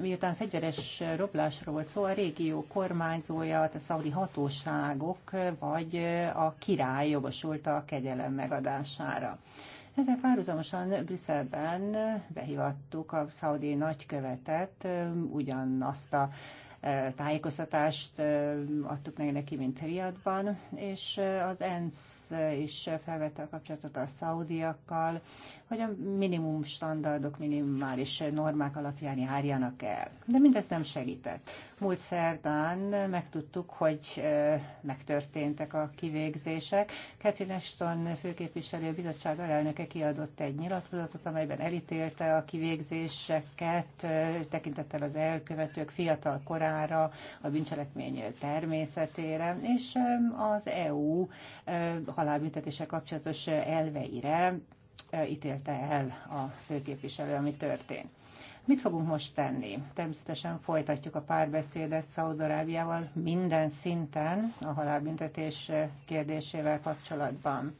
miután fegyveres roblásról volt szó, a régió kormányzója, a szaudi hatóságok vagy a király jogosult a kegyelem megadására. Ezzel párhuzamosan Brüsszelben behívattuk a szaudi nagykövetet ugyanazt a tájékoztatást adtuk meg neki, mint Riadban, és az ENSZ is felvette a kapcsolatot a szaudiakkal, hogy a minimum standardok, minimális normák alapján járjanak el. De mindezt nem segített. Múlt szerdán megtudtuk, hogy megtörténtek a kivégzések. Catherine Ashton főképviselő bizottság alelnöke kiadott egy nyilatkozatot, amelyben elítélte a kivégzéseket, tekintettel az elkövetők fiatal korára, a bűncselekmény természetére, és az EU halálbüntetése kapcsolatos elveire e, ítélte el a főképviselő, ami történt. Mit fogunk most tenni? Természetesen folytatjuk a párbeszédet Szaudarábiával minden szinten a halálbüntetés kérdésével kapcsolatban.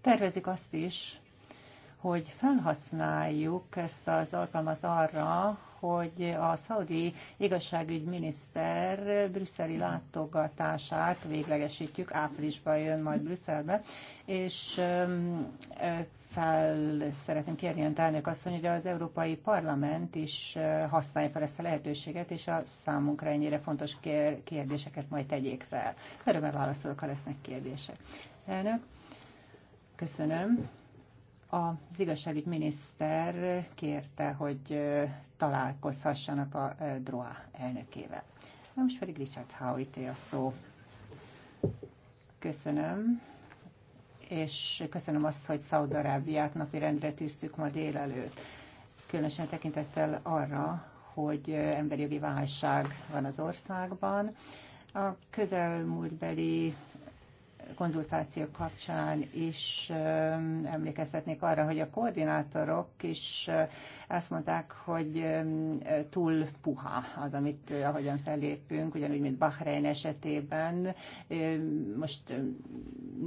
Tervezik azt is, hogy felhasználjuk ezt az alkalmat arra, hogy a szaudi miniszter brüsszeli látogatását véglegesítjük, áprilisban jön majd Brüsszelbe, és fel szeretném kérni önt elnök azt, hogy az Európai Parlament is használja fel ezt a lehetőséget, és a számunkra ennyire fontos kérdéseket majd tegyék fel. Örömmel válaszolok, ha lesznek kérdések. Elnök, köszönöm. Az miniszter kérte, hogy találkozhassanak a DROA elnökével. Na most pedig Richard Howité a szó. Köszönöm, és köszönöm azt, hogy Szaudarábiát napirendre tűztük ma délelőtt. Különösen tekintettel arra, hogy emberjogi válság van az országban. A közelmúltbeli konzultációk kapcsán is emlékeztetnék arra, hogy a koordinátorok is azt mondták, hogy túl puha az, amit ahogyan fellépünk, ugyanúgy, mint Bahrein esetében. Most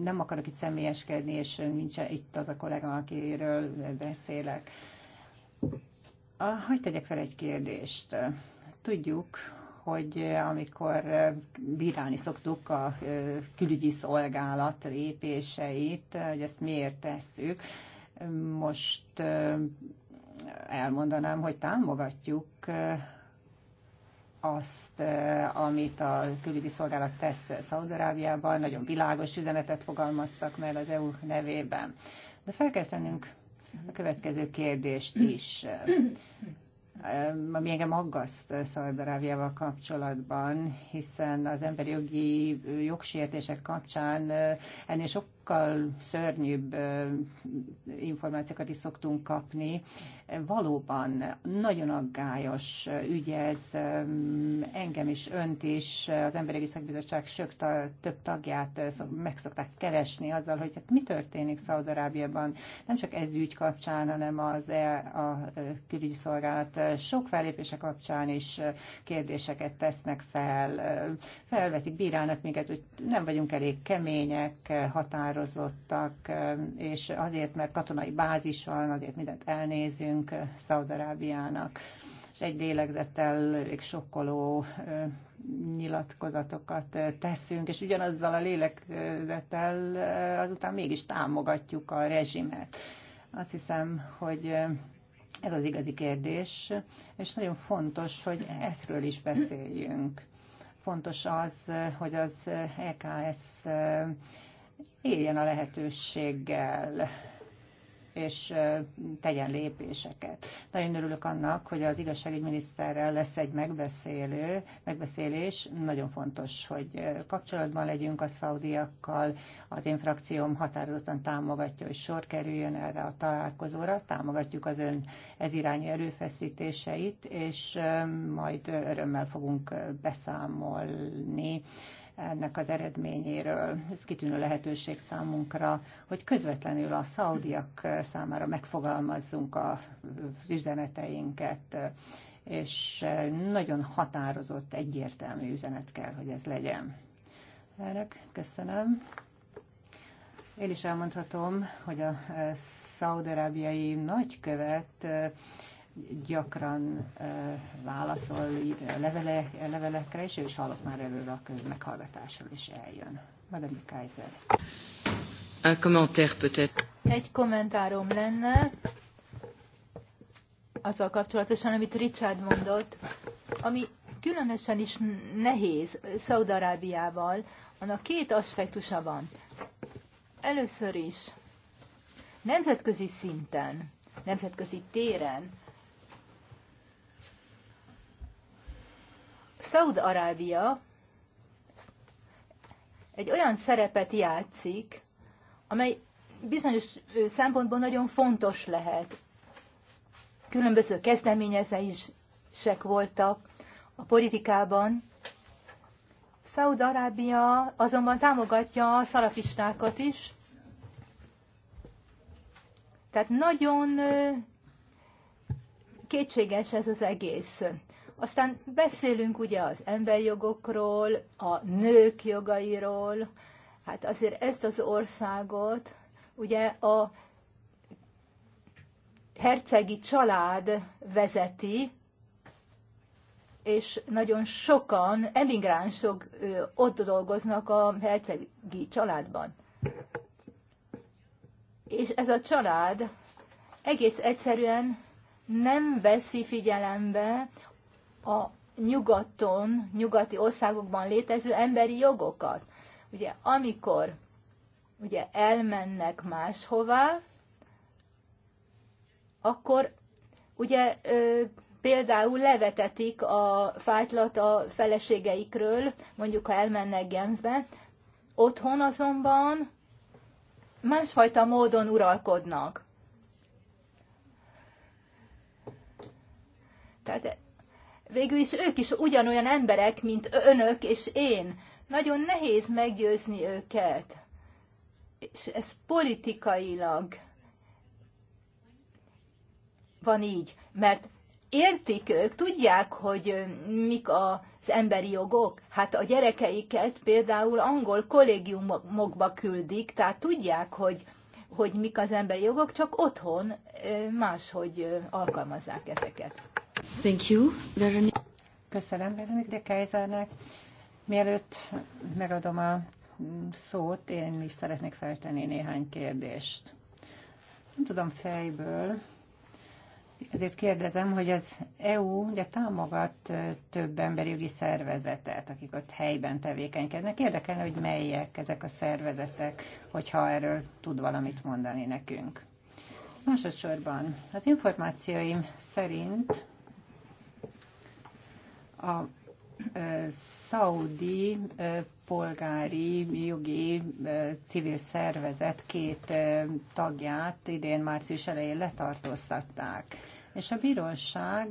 nem akarok itt személyeskedni, és nincs itt az a kollega, akiről beszélek. Hogy tegyek fel egy kérdést? Tudjuk, hogy amikor bírálni szoktuk a külügyi szolgálat lépéseit, hogy ezt miért tesszük, most elmondanám, hogy támogatjuk azt, amit a külügyi szolgálat tesz Szaudarábiában, nagyon világos üzenetet fogalmaztak meg az EU nevében. De fel kell tennünk a következő kérdést is ami engem aggaszt eh, Szaudarábiával kapcsolatban, hiszen az emberi jogi eh, jogsértések kapcsán eh, ennél sok sokkal szörnyűbb információkat is szoktunk kapni. Valóban nagyon aggályos ügy ez, engem is, önt is, az Emberi Szakbizottság sök több tagját meg szokták keresni azzal, hogy hát mi történik Szaudarábiában, nem csak ez ügy kapcsán, hanem az e, a külügyi szolgálat sok fellépése kapcsán is kérdéseket tesznek fel, felvetik, bírálnak minket, hogy nem vagyunk elég kemények, határozott, határozottak, eh, és azért, mert katonai bázis van, azért mindent elnézünk eh, Szaudarábiának és egy lélegzettel elég sokkoló eh, nyilatkozatokat teszünk, és ugyanazzal a lélegzettel azután mégis támogatjuk a rezsimet. Azt hiszem, hogy ez az igazi kérdés, és nagyon fontos, hogy ezről is beszéljünk. Fontos az, hogy az EKS e éljen a lehetőséggel, és tegyen lépéseket. Nagyon örülök annak, hogy az igazságügyminiszterrel lesz egy megbeszélő, megbeszélés. Nagyon fontos, hogy kapcsolatban legyünk a szaudiakkal. Az én frakcióm határozottan támogatja, hogy sor kerüljön erre a találkozóra. Támogatjuk az ön ez irányú erőfeszítéseit, és majd örömmel fogunk beszámolni ennek az eredményéről. Ez kitűnő lehetőség számunkra, hogy közvetlenül a szaudiak számára megfogalmazzunk a üzeneteinket, és nagyon határozott, egyértelmű üzenet kell, hogy ez legyen. Elnök, köszönöm. Én is elmondhatom, hogy a szaudarábiai nagykövet gyakran válaszol levele, levelekre, és ő is hallott már erről a meghallgatásról és eljön. Madame Kaiser. Un commentaire peut-être. Egy kommentárom lenne azzal kapcsolatosan, amit Richard mondott, ami különösen is nehéz Szaudarábiával, annak két aspektusa van. Először is nemzetközi szinten, nemzetközi téren Szaud-Arábia egy olyan szerepet játszik, amely bizonyos szempontból nagyon fontos lehet. Különböző kezdeményezések voltak a politikában. Szaud-Arábia azonban támogatja a szalafistákat is. Tehát nagyon kétséges ez az egész. Aztán beszélünk ugye az emberjogokról, a nők jogairól, hát azért ezt az országot ugye a hercegi család vezeti, és nagyon sokan emigránsok ott dolgoznak a hercegi családban. És ez a család egész egyszerűen nem veszi figyelembe a nyugaton, nyugati országokban létező emberi jogokat. Ugye amikor ugye elmennek máshová, akkor ugye ö, például levetetik a fájtlat a feleségeikről, mondjuk ha elmennek Genfbe, otthon azonban másfajta módon uralkodnak. Tehát végül is ők is ugyanolyan emberek, mint önök és én. Nagyon nehéz meggyőzni őket. És ez politikailag van így, mert értik ők, tudják, hogy mik az emberi jogok. Hát a gyerekeiket például angol kollégiumokba küldik, tehát tudják, hogy, hogy mik az emberi jogok, csak otthon máshogy alkalmazzák ezeket. Thank you, Veronique. Köszönöm Veronique de Kaisernek. Mielőtt megadom a szót, én is szeretnék feltenni néhány kérdést. Nem tudom fejből, ezért kérdezem, hogy az EU ugye támogat több emberi jogi szervezetet, akik ott helyben tevékenykednek. Érdekelne, hogy melyek ezek a szervezetek, hogyha erről tud valamit mondani nekünk. Másodszorban az információim szerint a szaudi polgári jogi civil szervezet két tagját idén március elején letartóztatták, és a bíróság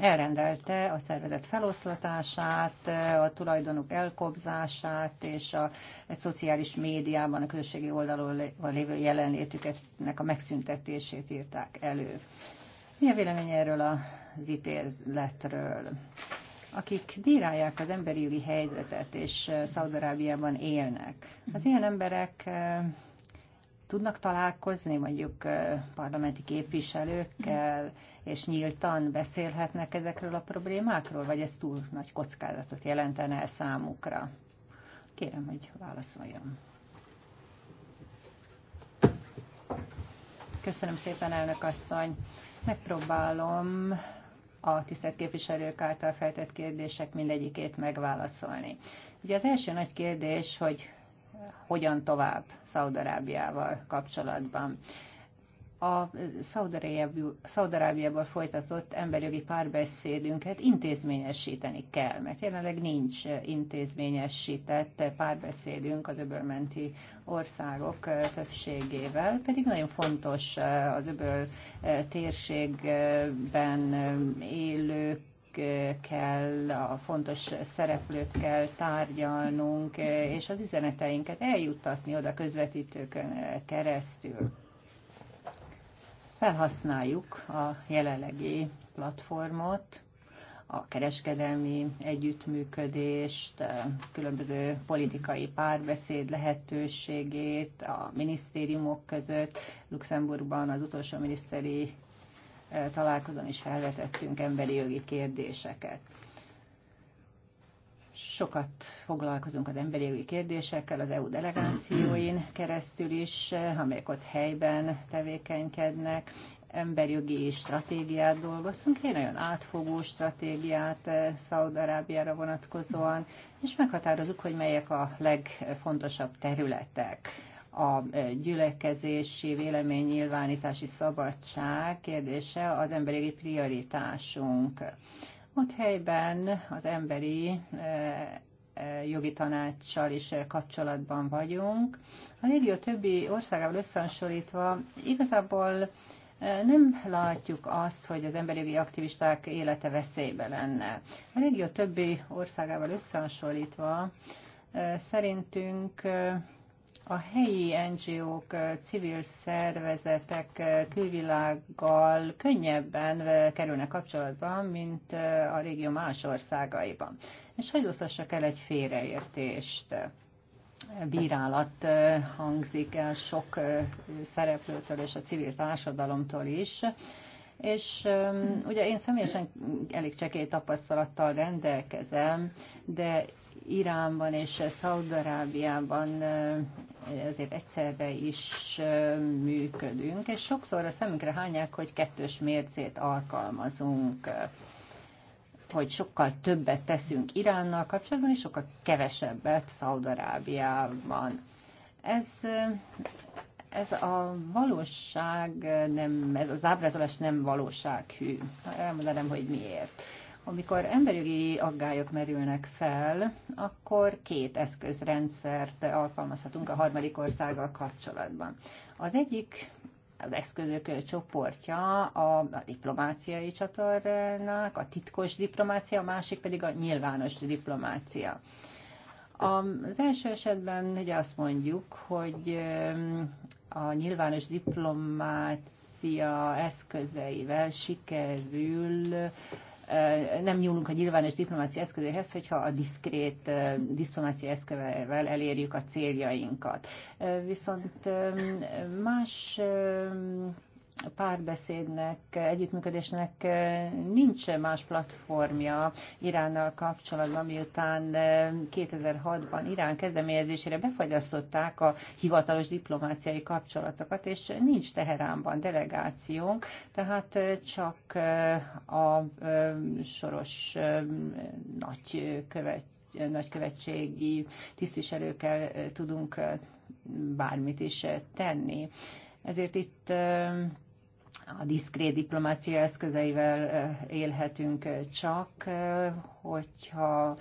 elrendelte a szervezet feloszlatását, a tulajdonok elkobzását és a, a szociális médiában a közösségi oldalon lévő jelenlétüknek a megszüntetését írták elő. Mi a vélemény erről az ítéletről? akik bírálják az emberi jogi helyzetet, és Szaudarábiában élnek. Az ilyen emberek tudnak találkozni mondjuk parlamenti képviselőkkel, és nyíltan beszélhetnek ezekről a problémákról, vagy ez túl nagy kockázatot jelentene számukra? Kérem, hogy válaszoljon. Köszönöm szépen, elnök asszony. Megpróbálom a tisztelt képviselők által feltett kérdések mindegyikét megválaszolni. Ugye az első nagy kérdés, hogy hogyan tovább Szaudarábiával kapcsolatban a Szaudarábiában folytatott emberjogi párbeszédünket intézményesíteni kell, mert jelenleg nincs intézményesített párbeszédünk az öbölmenti országok többségével, pedig nagyon fontos az öböl térségben élők kell, a fontos szereplőkkel tárgyalnunk, és az üzeneteinket eljuttatni oda közvetítőkön keresztül felhasználjuk a jelenlegi platformot, a kereskedelmi együttműködést, különböző politikai párbeszéd lehetőségét a minisztériumok között. Luxemburgban az utolsó miniszteri eh, találkozón is felvetettünk emberi jogi kérdéseket sokat foglalkozunk az emberi jogi kérdésekkel az EU delegációin keresztül is, amelyek ott helyben tevékenykednek, emberjogi stratégiát dolgoztunk, egy nagyon átfogó stratégiát eh, Szaudarábiára vonatkozóan, és meghatározunk, hogy melyek a legfontosabb területek a eh, gyülekezési, véleménynyilvánítási szabadság kérdése az emberi prioritásunk. Ott helyben az emberi eh, eh, jogi tanácssal is eh, kapcsolatban vagyunk. A régió többi országával összehasonlítva igazából nem látjuk azt, hogy az emberi jogi aktivisták élete veszélybe lenne. A régió többi országával összehasonlítva szerintünk a helyi NGO-k, civil szervezetek külvilággal könnyebben kerülnek kapcsolatban, mint a régió más országaiban. És hogy osztassak el egy félreértést? Bírálat hangzik el sok szereplőtől és a civil társadalomtól is és ugye én személyesen elég csekély tapasztalattal rendelkezem, de Iránban és Szaudarábiában ezért egyszerre is működünk, és sokszor a szemünkre hányák, hogy kettős mércét alkalmazunk hogy sokkal többet teszünk Iránnal kapcsolatban, és sokkal kevesebbet Szaudarábiában. Ez ez a valóság nem, ez az ábrázolás nem valósághű. Elmondanám, hogy miért. Amikor emberjogi aggályok merülnek fel, akkor két eszközrendszert alkalmazhatunk a harmadik országgal kapcsolatban. Az egyik az eszközök csoportja a, a diplomáciai csatornák, a titkos diplomácia, a másik pedig a nyilvános diplomácia. Az első esetben ugye azt mondjuk, hogy a nyilvános diplomácia eszközeivel sikerül eh, nem nyúlunk a nyilvános diplomácia eszközéhez, hogyha a diszkrét eh, diplomácia eszközével elérjük a céljainkat. Eh, viszont más párbeszédnek, együttműködésnek nincs más platformja Iránnal kapcsolatban, miután 2006-ban Irán kezdeményezésére befagyasztották a hivatalos diplomáciai kapcsolatokat, és nincs Teheránban delegációnk, tehát csak a soros követ nagykövetségi tisztviselőkkel tudunk bármit is tenni. Ezért itt a diszkrét diplomácia eszközeivel élhetünk csak, hogyha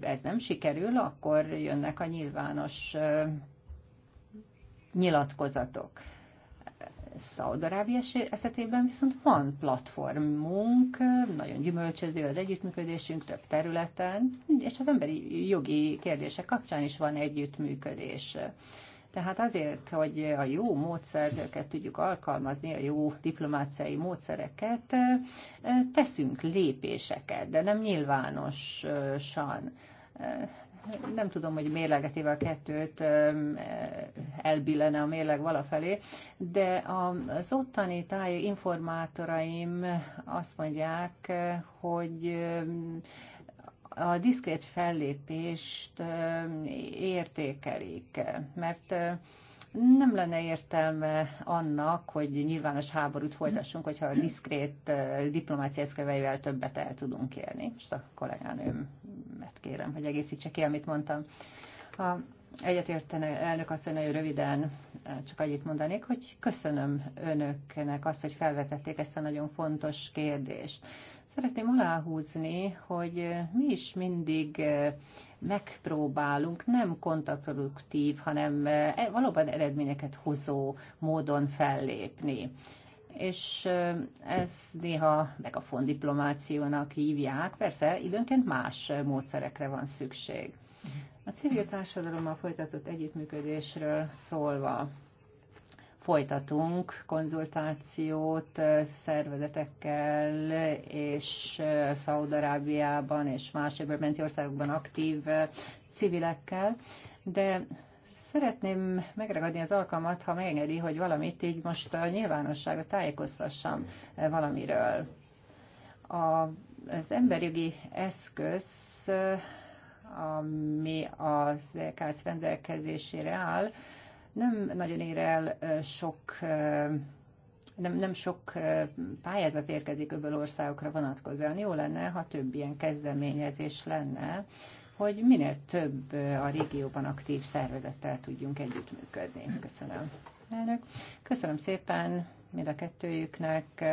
ez nem sikerül, akkor jönnek a nyilvános nyilatkozatok. Szaudarábia esetében viszont van platformunk, nagyon gyümölcsöző az együttműködésünk több területen, és az emberi jogi kérdések kapcsán is van együttműködés. Tehát azért, hogy a jó módszereket tudjuk alkalmazni, a jó diplomáciai módszereket, teszünk lépéseket, de nem nyilvánosan nem tudom, hogy mérlegetével kettőt elbillene a mérleg valafelé, de az ottani táj informátoraim azt mondják, hogy a diszkrét fellépést értékelik, mert nem lenne értelme annak, hogy nyilvános háborút folytassunk, hogyha a diszkrét diplomáciai eszköveivel többet el tudunk élni. Most a mert kérem, hogy egészítse ki, amit mondtam. A egyetértene elnök azt, hogy nagyon röviden csak annyit mondanék, hogy köszönöm önöknek azt, hogy felvetették ezt a nagyon fontos kérdést. Szeretném aláhúzni, hogy mi is mindig eh, megpróbálunk nem kontraproduktív, hanem eh, valóban eredményeket hozó módon fellépni és eh, ez néha a diplomációnak hívják, persze időnként más módszerekre van szükség. A civil társadalommal folytatott együttműködésről szólva, folytatunk konzultációt szervezetekkel, és Szaudarábiában és más menti országokban aktív civilekkel, de szeretném megragadni az alkalmat, ha megengedi, hogy valamit így most a nyilvánosságot tájékoztassam valamiről. A, az emberjogi eszköz ami az EKSZ rendelkezésére áll, nem nagyon ér el sok nem, nem sok pályázat érkezik öböl országokra vonatkozóan. Jó lenne, ha több ilyen kezdeményezés lenne, hogy minél több a régióban aktív szervezettel tudjunk együttműködni. Köszönöm. Elnök. Köszönöm szépen mind a kettőjüknek.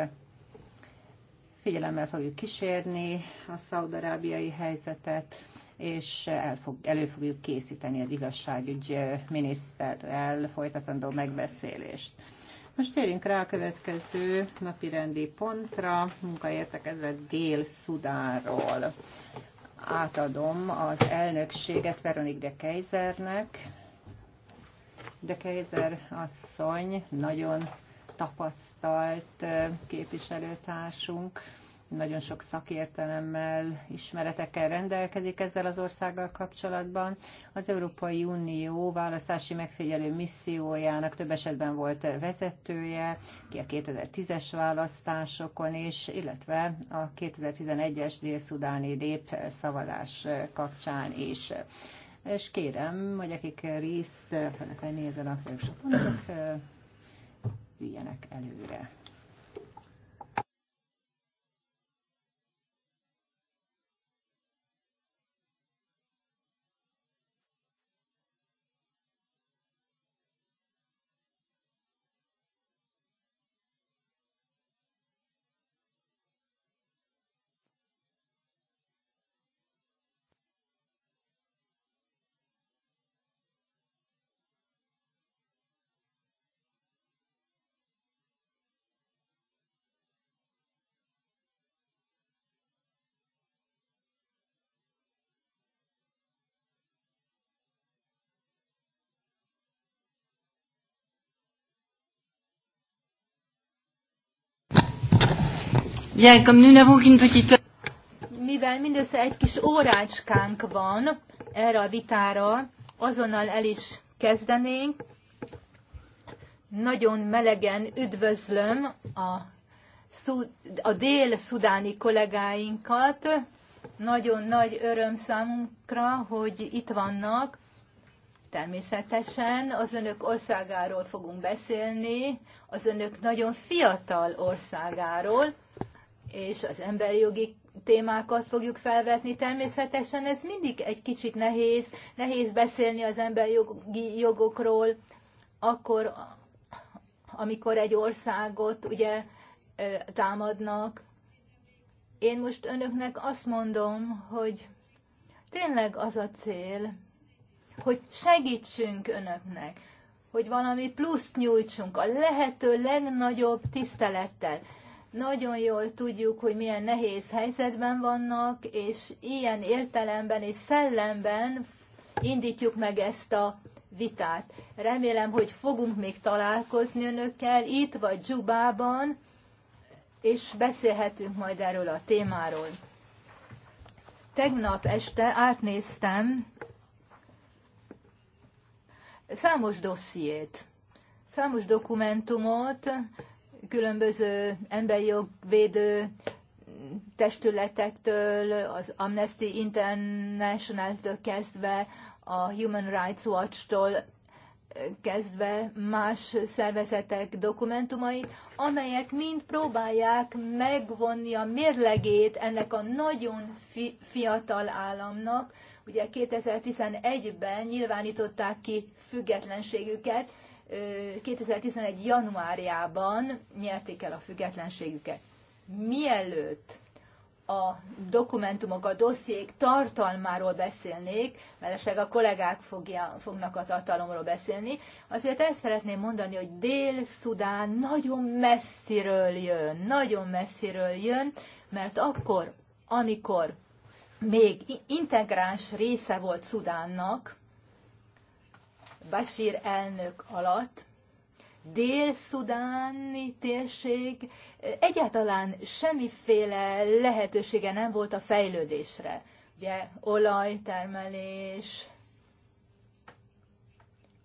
Figyelemmel fogjuk kísérni a szaudarábiai helyzetet és el fog, elő fogjuk készíteni az igazságügyi miniszterrel folytatandó megbeszélést. Most térjünk rá a következő napirendi pontra, munkaértekezett Dél-Szudánról. Átadom az elnökséget Veronik de Keizernek. De Keizer asszony nagyon tapasztalt képviselőtársunk, nagyon sok szakértelemmel, ismeretekkel rendelkezik ezzel az országgal kapcsolatban. Az Európai Unió választási megfigyelő missziójának több esetben volt vezetője, ki a 2010-es választásokon is, illetve a 2011-es dél-szudáni lép szavazás kapcsán is és kérem, hogy akik részt fognak venni ezen a workshopon, üljenek előre. Bien, comme nous n'avons qu'une petite... Mivel mindössze egy kis órácskánk van erre a vitára, azonnal el is kezdenénk. Nagyon melegen üdvözlöm a, a dél-szudáni kollégáinkat. Nagyon nagy öröm számunkra, hogy itt vannak. Természetesen az önök országáról fogunk beszélni, az önök nagyon fiatal országáról és az emberi jogi témákat fogjuk felvetni. Természetesen ez mindig egy kicsit nehéz, nehéz beszélni az emberi jogi jogokról, akkor, amikor egy országot ugye támadnak. Én most önöknek azt mondom, hogy tényleg az a cél, hogy segítsünk önöknek, hogy valami pluszt nyújtsunk a lehető legnagyobb tisztelettel. Nagyon jól tudjuk, hogy milyen nehéz helyzetben vannak, és ilyen értelemben és szellemben indítjuk meg ezt a vitát. Remélem, hogy fogunk még találkozni önökkel itt vagy Dzsubában, és beszélhetünk majd erről a témáról. Tegnap este átnéztem számos dossziét, számos dokumentumot, különböző emberi jogvédő testületektől, az Amnesty International-től kezdve, a Human Rights Watch-tól kezdve más szervezetek dokumentumait, amelyek mind próbálják megvonni a mérlegét ennek a nagyon fi- fiatal államnak. Ugye 2011-ben nyilvánították ki függetlenségüket, 2011. januárjában nyerték el a függetlenségüket. Mielőtt a dokumentumok, a dossziék tartalmáról beszélnék, esetleg a kollégák fogja, fognak a tartalomról beszélni, azért ezt szeretném mondani, hogy Dél-Szudán nagyon messziről jön, nagyon messziről jön, mert akkor, amikor még integráns része volt Szudánnak, Basir elnök alatt dél-szudáni térség egyáltalán semmiféle lehetősége nem volt a fejlődésre. Ugye olajtermelés,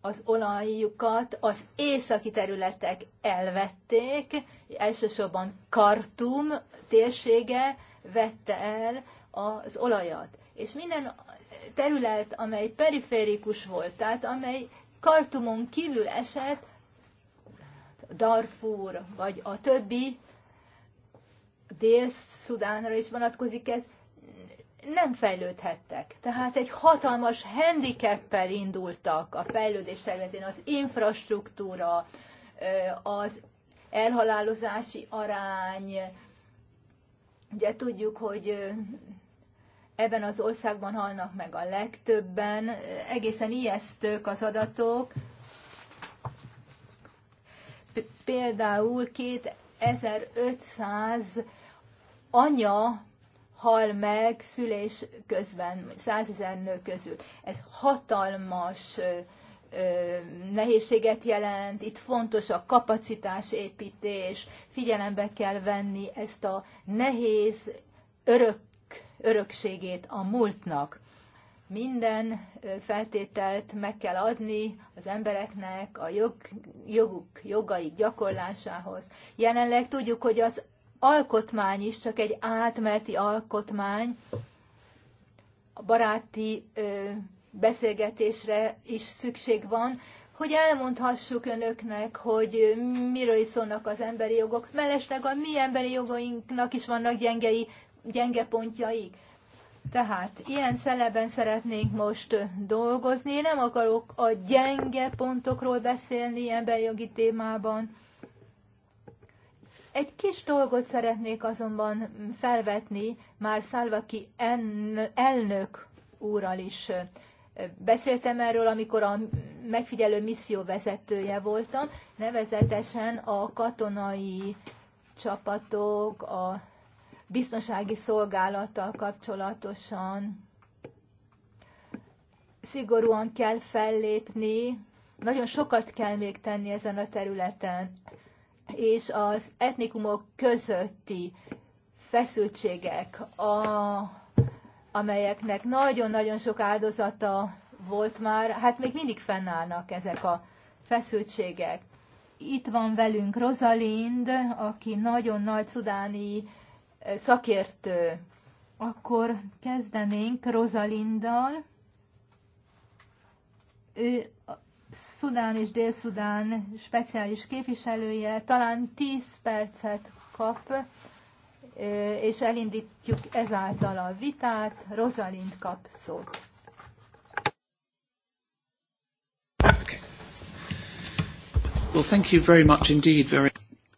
az olajjukat az északi területek elvették, elsősorban Kartum térsége vette el az olajat. És minden terület, amely periférikus volt, tehát amely Kartumon kívül esett, Darfur, vagy a többi, Dél-Szudánra is vonatkozik ez, nem fejlődhettek. Tehát egy hatalmas handicappel indultak a fejlődés területén az infrastruktúra, az elhalálozási arány. Ugye tudjuk, hogy ebben az országban halnak meg a legtöbben. Egészen ijesztők az adatok. Például 2500 anya hal meg szülés közben, 100 ezer nő közül. Ez hatalmas nehézséget jelent, itt fontos a kapacitásépítés, figyelembe kell venni ezt a nehéz, örök örökségét a múltnak. Minden feltételt meg kell adni az embereknek a jog, joguk, jogaik gyakorlásához. Jelenleg tudjuk, hogy az alkotmány is csak egy átmeneti alkotmány, a baráti ö, beszélgetésre is szükség van, hogy elmondhassuk önöknek, hogy miről is szólnak az emberi jogok. Mellesleg a mi emberi jogainknak is vannak gyengei gyenge pontjaik. Tehát ilyen szeleben szeretnénk most dolgozni. Én nem akarok a gyenge pontokról beszélni emberjogi témában. Egy kis dolgot szeretnék azonban felvetni, már Szálvaki elnök úrral is beszéltem erről, amikor a megfigyelő misszió vezetője voltam, nevezetesen a katonai csapatok, a biztonsági szolgálattal kapcsolatosan szigorúan kell fellépni, nagyon sokat kell még tenni ezen a területen, és az etnikumok közötti feszültségek, a, amelyeknek nagyon-nagyon sok áldozata volt már, hát még mindig fennállnak ezek a feszültségek. Itt van velünk Rosalind, aki nagyon nagy szudáni szakértő. Akkor kezdenénk Rosalindal. Ő Szudán és Dél-Szudán speciális képviselője, talán 10 percet kap, és elindítjuk ezáltal a vitát. Rosalind kap szót. Well, thank you very much indeed. Very...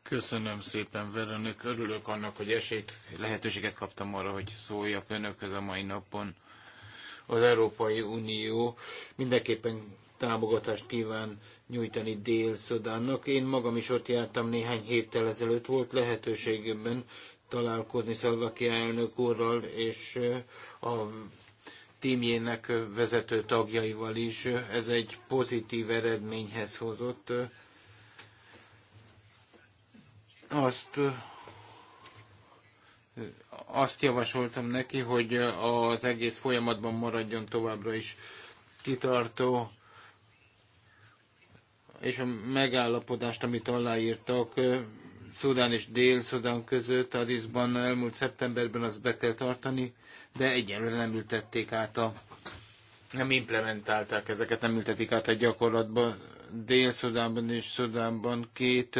Köszönöm szépen, Veronik. Örülök annak, hogy esélyt, lehetőséget kaptam arra, hogy szóljak önökhez a mai napon. Az Európai Unió mindenképpen támogatást kíván nyújtani Dél-Szudánnak. Én magam is ott jártam néhány héttel ezelőtt, volt lehetőségemben találkozni Szalvakia elnök úrral és a tímjének vezető tagjaival is. Ez egy pozitív eredményhez hozott azt azt javasoltam neki, hogy az egész folyamatban maradjon továbbra is kitartó, és a megállapodást, amit aláírtak Szudán és Dél-Szudán között, Addisban elmúlt szeptemberben azt be kell tartani, de egyelőre nem ültették át a nem implementálták ezeket, nem ültetik át a gyakorlatban. Dél-Szudánban és Szudánban két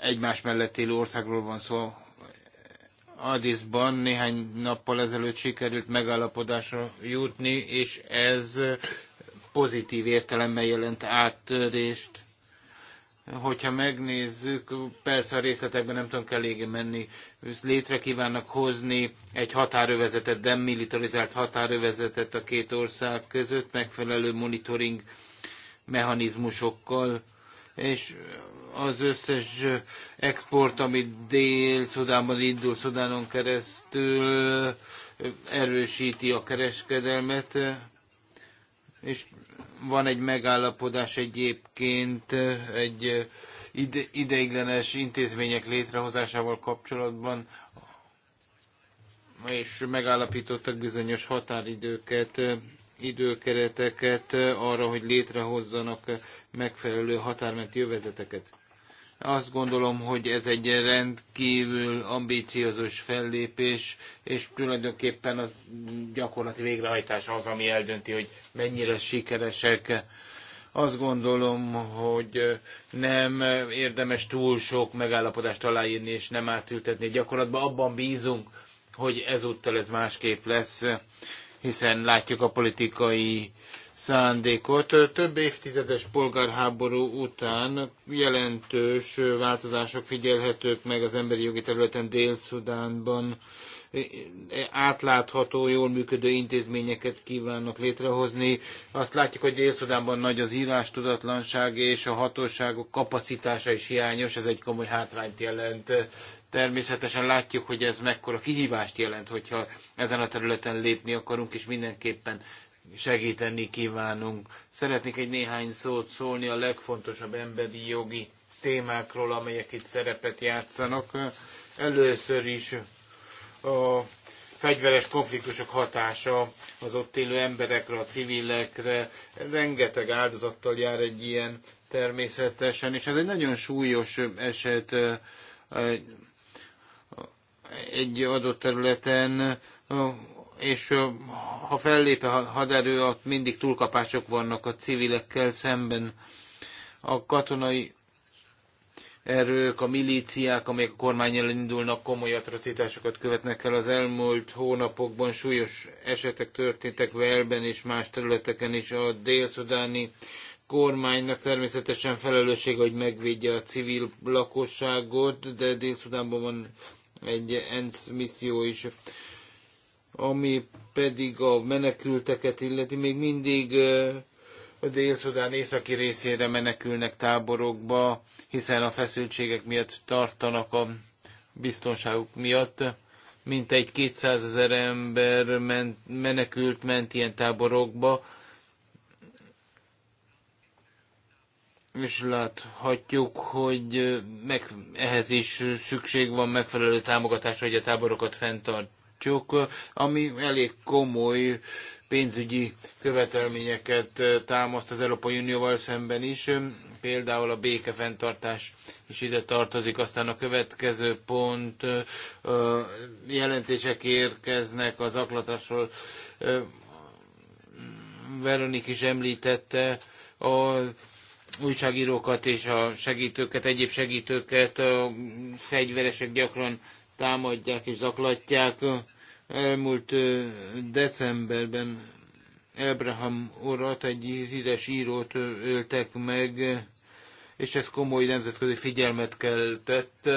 egymás mellett élő országról van szó. Addisban néhány nappal ezelőtt sikerült megállapodásra jutni, és ez pozitív értelemben jelent áttörést. Hogyha megnézzük, persze a részletekben nem tudom eléggé menni, létre kívánnak hozni egy határövezetet, demilitarizált határövezetet a két ország között, megfelelő monitoring mechanizmusokkal, és az összes export, amit Dél-Szudánban indul, Szudánon keresztül erősíti a kereskedelmet, és van egy megállapodás egyébként egy ideiglenes intézmények létrehozásával kapcsolatban, és megállapítottak bizonyos határidőket, időkereteket arra, hogy létrehozzanak megfelelő határmenti jövezeteket. Azt gondolom, hogy ez egy rendkívül ambíciózus fellépés, és tulajdonképpen a gyakorlati végrehajtás az, ami eldönti, hogy mennyire sikeresek azt gondolom, hogy nem érdemes túl sok megállapodást aláírni és nem átültetni gyakorlatba. Abban bízunk, hogy ezúttal ez másképp lesz, hiszen látjuk a politikai szándékot. Több évtizedes polgárháború után jelentős változások figyelhetők meg az emberi jogi területen Dél-Szudánban. Átlátható, jól működő intézményeket kívánnak létrehozni. Azt látjuk, hogy Dél-Szudánban nagy az írás tudatlanság, és a hatóságok kapacitása is hiányos, ez egy komoly hátrányt jelent. Természetesen látjuk, hogy ez mekkora kihívást jelent, hogyha ezen a területen lépni akarunk, és mindenképpen segíteni kívánunk. Szeretnék egy néhány szót szólni a legfontosabb emberi jogi témákról, amelyek itt szerepet játszanak. Először is a fegyveres konfliktusok hatása az ott élő emberekre, a civilekre. Rengeteg áldozattal jár egy ilyen természetesen, és ez egy nagyon súlyos eset eh, egy adott területen és ha fellép a haderő, ott mindig túlkapások vannak a civilekkel szemben. A katonai erők, a milíciák, amelyek a kormány ellen indulnak, komoly atrocitásokat követnek el. Az elmúlt hónapokban súlyos esetek történtek Velben és más területeken is. A dél kormánynak természetesen felelősség, hogy megvédje a civil lakosságot, de Dél-Szudánban van egy ENSZ misszió is. Ami pedig a menekülteket illeti, még mindig a Dél-Szudán északi részére menekülnek táborokba, hiszen a feszültségek miatt tartanak a biztonságuk miatt. Mintegy 200 ezer ember ment, menekült ment ilyen táborokba, és láthatjuk, hogy meg, ehhez is szükség van megfelelő támogatásra, hogy a táborokat fenntart, látjuk, ami elég komoly pénzügyi követelményeket támaszt az Európai Unióval szemben is. Például a békefenntartás is ide tartozik. Aztán a következő pont, jelentések érkeznek az aklatásról. Veronik is említette a újságírókat és a segítőket, egyéb segítőket, a fegyveresek gyakran támadják és zaklatják. Elmúlt decemberben Abraham urat, egy híres írót öltek meg, és ez komoly nemzetközi figyelmet keltett.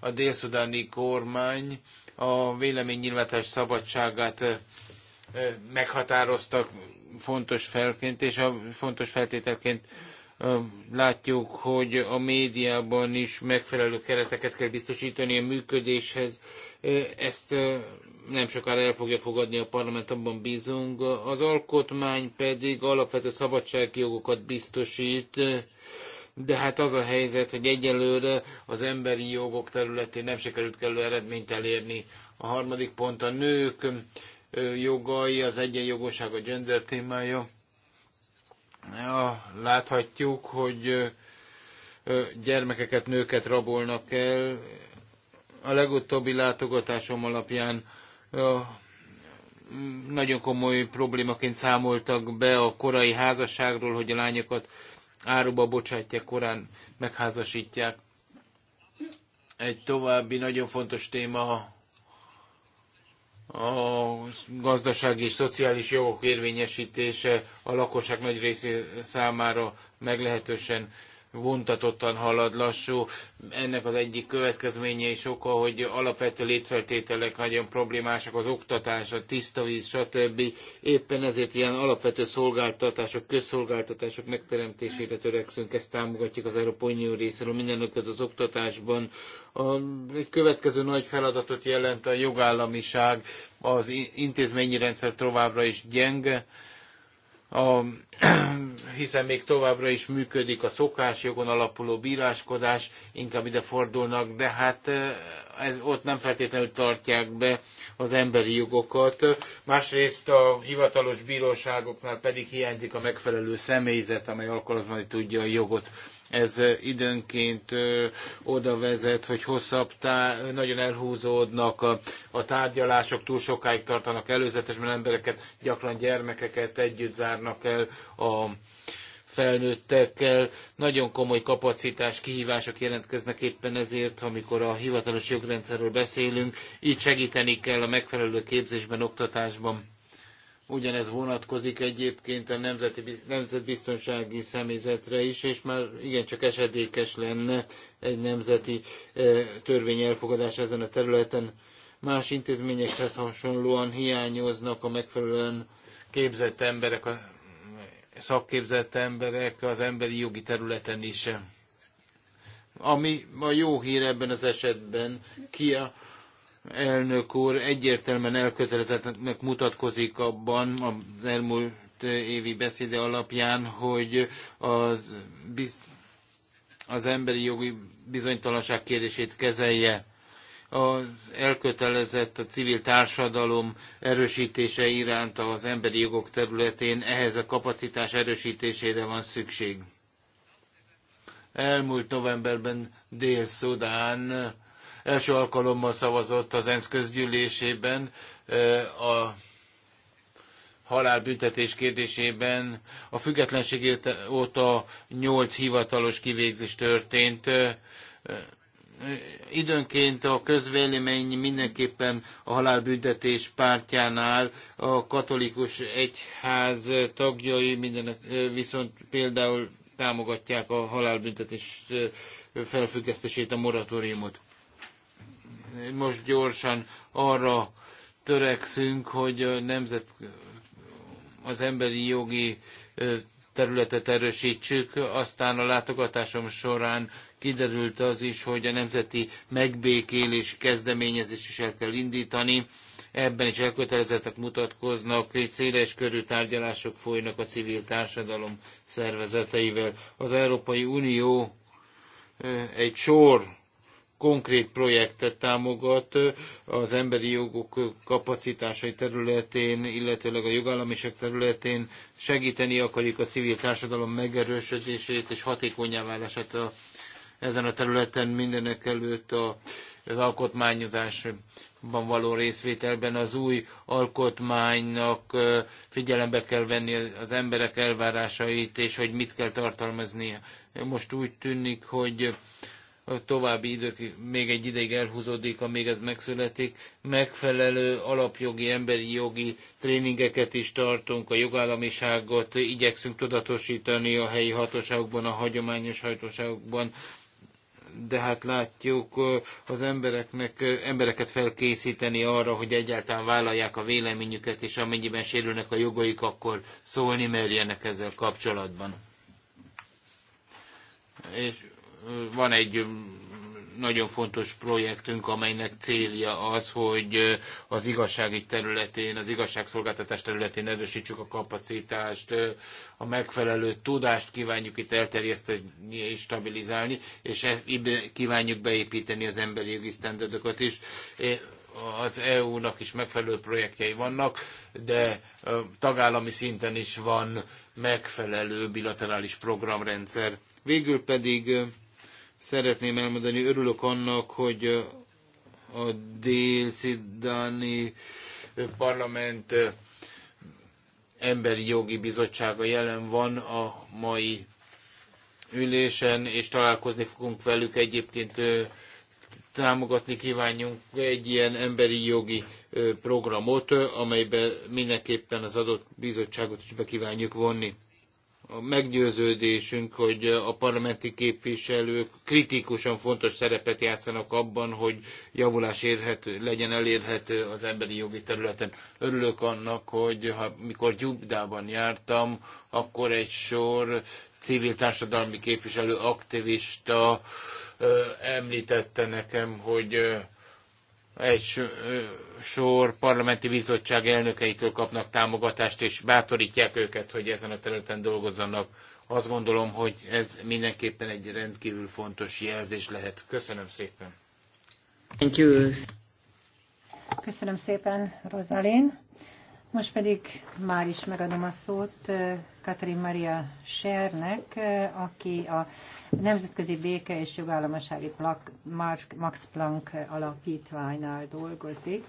A délszudáni kormány a véleménynyilvánítás szabadságát meghatároztak fontos felként, és a fontos feltételként Látjuk, hogy a médiában is megfelelő kereteket kell biztosítani a működéshez. Ezt nem sokára el fogja fogadni a parlament, abban bízunk. Az alkotmány pedig alapvető szabadságjogokat biztosít, de hát az a helyzet, hogy egyelőre az emberi jogok területén nem sikerült kellő eredményt elérni. A harmadik pont a nők jogai, az egyenjogosság a gender témája. Ja, láthatjuk, hogy gyermekeket, nőket rabolnak el. A legutóbbi látogatásom alapján nagyon komoly problémaként számoltak be a korai házasságról, hogy a lányokat áruba bocsátják, korán megházasítják. Egy további nagyon fontos téma a gazdasági és szociális jogok érvényesítése a lakosság nagy része számára meglehetősen vontatottan halad lassú. Ennek az egyik következménye is oka, hogy alapvető létfeltételek nagyon problémásak, az oktatás, a tiszta víz, stb. Éppen ezért ilyen alapvető szolgáltatások, közszolgáltatások megteremtésére törekszünk, ezt támogatjuk az Európai Unió részéről, mindenek az oktatásban. A, egy következő nagy feladatot jelent a jogállamiság, az intézményi rendszer továbbra is gyenge, a, *clears throat* hiszen még továbbra is működik a szokásjogon alapuló bíráskodás, inkább ide fordulnak, de hát eh, ez, ott nem feltétlenül tartják be az emberi jogokat. Másrészt a hivatalos bíróságoknál pedig hiányzik a megfelelő személyzet, amely alkalmazni tudja a jogot ez időnként oda vezet, hogy hosszabb, tá- nagyon elhúzódnak a, a tárgyalások, túl sokáig tartanak előzetesben embereket, gyakran gyermekeket együtt zárnak el a felnőttekkel. Nagyon komoly kapacitás kihívások jelentkeznek éppen ezért, amikor a hivatalos jogrendszerről beszélünk. Így segíteni kell a megfelelő képzésben, oktatásban Ugyanez vonatkozik egyébként a nemzeti, nemzetbiztonsági személyzetre is, és már igencsak esedékes lenne egy nemzeti e, törvény elfogadás ezen a területen. Más intézményekhez hasonlóan hiányoznak a megfelelően képzett emberek, a szakképzett emberek az emberi jogi területen is. Ami a jó hír ebben az esetben, ki a elnök úr egyértelműen elkötelezettnek mutatkozik abban az elmúlt évi beszéde alapján, hogy az, az emberi jogi bizonytalanság kérdését kezelje. Az elkötelezett a civil társadalom erősítése iránt az emberi jogok területén ehhez a kapacitás erősítésére van szükség. Elmúlt novemberben Dél-Szudán első alkalommal szavazott az ENSZ közgyűlésében a halálbüntetés kérdésében. A függetlenség óta nyolc hivatalos kivégzés történt időnként a közvélemény mindenképpen a halálbüntetés pártjánál a katolikus egyház tagjai minden, viszont például támogatják a halálbüntetés felfüggesztését, a moratóriumot most gyorsan arra törekszünk, hogy a nemzet, az emberi jogi területet erősítsük. Aztán a látogatásom során kiderült az is, hogy a nemzeti megbékélés kezdeményezés is el kell indítani. Ebben is elkötelezettek mutatkoznak, hogy széles körű tárgyalások folynak a civil társadalom szervezeteivel. Az Európai Unió egy sor konkrét projektet támogat az emberi jogok kapacitásai területén, illetőleg a jogállamiság területén segíteni akarjuk a civil társadalom megerősödését és hatékonyá válását a, ezen a területen mindenek előtt a, az alkotmányozásban való részvételben az új alkotmánynak figyelembe kell venni az emberek elvárásait, és hogy mit kell tartalmaznia. Most úgy tűnik, hogy a további idők még egy ideig elhúzódik, amíg ez megszületik. Megfelelő alapjogi, emberi jogi tréningeket is tartunk, a jogállamiságot igyekszünk tudatosítani a helyi hatóságokban, a hagyományos hatóságokban, de hát látjuk az embereknek, embereket felkészíteni arra, hogy egyáltalán vállalják a véleményüket, és amennyiben sérülnek a jogaik, akkor szólni merjenek ezzel kapcsolatban. És van egy nagyon fontos projektünk, amelynek célja az, hogy az igazságügy területén, az igazságszolgáltatás területén erősítsük a kapacitást, a megfelelő tudást kívánjuk itt elterjeszteni és stabilizálni, és e, kívánjuk beépíteni az emberi jogi sztenderdöket is az EU-nak is megfelelő projektjei vannak, de tagállami szinten is van megfelelő bilaterális programrendszer. Végül pedig szeretném elmondani, örülök annak, hogy a dél parlament emberi jogi bizottsága jelen van a mai ülésen, és találkozni fogunk velük egyébként támogatni kívánjunk egy ilyen emberi jogi programot, amelyben mindenképpen az adott bizottságot is be kívánjuk vonni a meggyőződésünk, hogy a parlamenti képviselők kritikusan fontos szerepet játszanak abban, hogy javulás érhető, legyen elérhető az emberi jogi területen. Örülök annak, hogy ha, mikor Gyubdában jártam, akkor egy sor civil társadalmi képviselő aktivista ö, említette nekem, hogy egy sor parlamenti bizottság elnökeitől kapnak támogatást, és bátorítják őket, hogy ezen a területen dolgozzanak. Azt gondolom, hogy ez mindenképpen egy rendkívül fontos jelzés lehet. Köszönöm szépen. Thank you. Köszönöm szépen, Rozalin. Most pedig már is megadom a szót Katrin Maria Schernek, aki a Nemzetközi Béke és Jogállamasági Max Planck Alapítványnál dolgozik.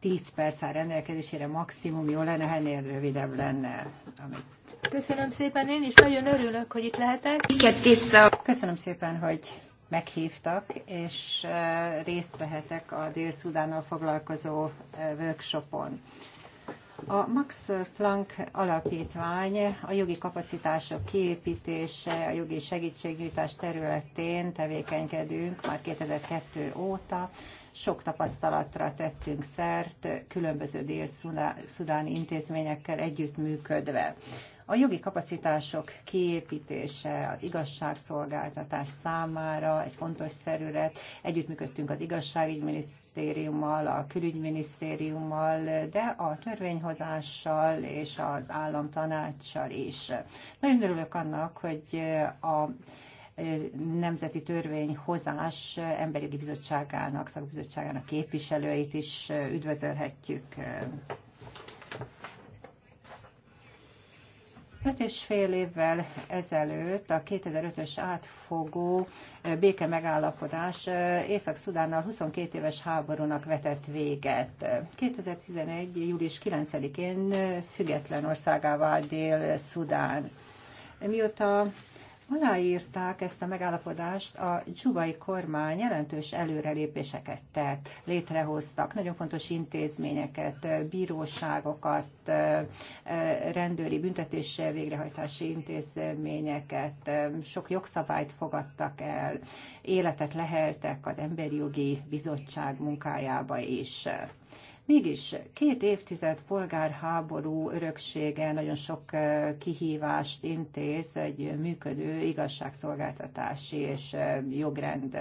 10 perc áll rendelkezésére maximum, jó lenne, ha ennél rövidebb lenne. Amit Köszönöm szépen, én is nagyon örülök, hogy itt lehetek. Köszönöm szépen, hogy meghívtak, és részt vehetek a Dél-Szudánnal foglalkozó workshopon. A Max Planck Alapítvány a jogi kapacitások kiépítése, a jogi segítségnyújtás területén tevékenykedünk már 2002 óta. Sok tapasztalatra tettünk szert, különböző dél-szudáni intézményekkel együttműködve. A jogi kapacitások kiépítése az igazságszolgáltatás számára egy fontos szerület. Együttműködtünk az igazságügyminisztériummal, a külügyminisztériummal, de a törvényhozással és az államtanácssal is. Nagyon örülök annak, hogy a e, Nemzeti Törvényhozás Emberi Bizottságának, Szakbizottságának képviselőit is e, üdvözölhetjük e, Öt és fél évvel ezelőtt a 2005-ös átfogó eh, béke megállapodás eh, Észak-Szudánnal 22 éves háborúnak vetett véget. 2011. július 9-én eh, független országává vált Dél-Szudán. Mióta aláírták ezt a megállapodást, a dzsubai kormány jelentős előrelépéseket tett, létrehoztak, nagyon fontos intézményeket, bíróságokat, rendőri büntetés végrehajtási intézményeket, sok jogszabályt fogadtak el, életet leheltek az Emberi Jogi Bizottság munkájába is. Mégis két évtized polgárháború öröksége nagyon sok kihívást intéz egy működő igazságszolgáltatási és jogrend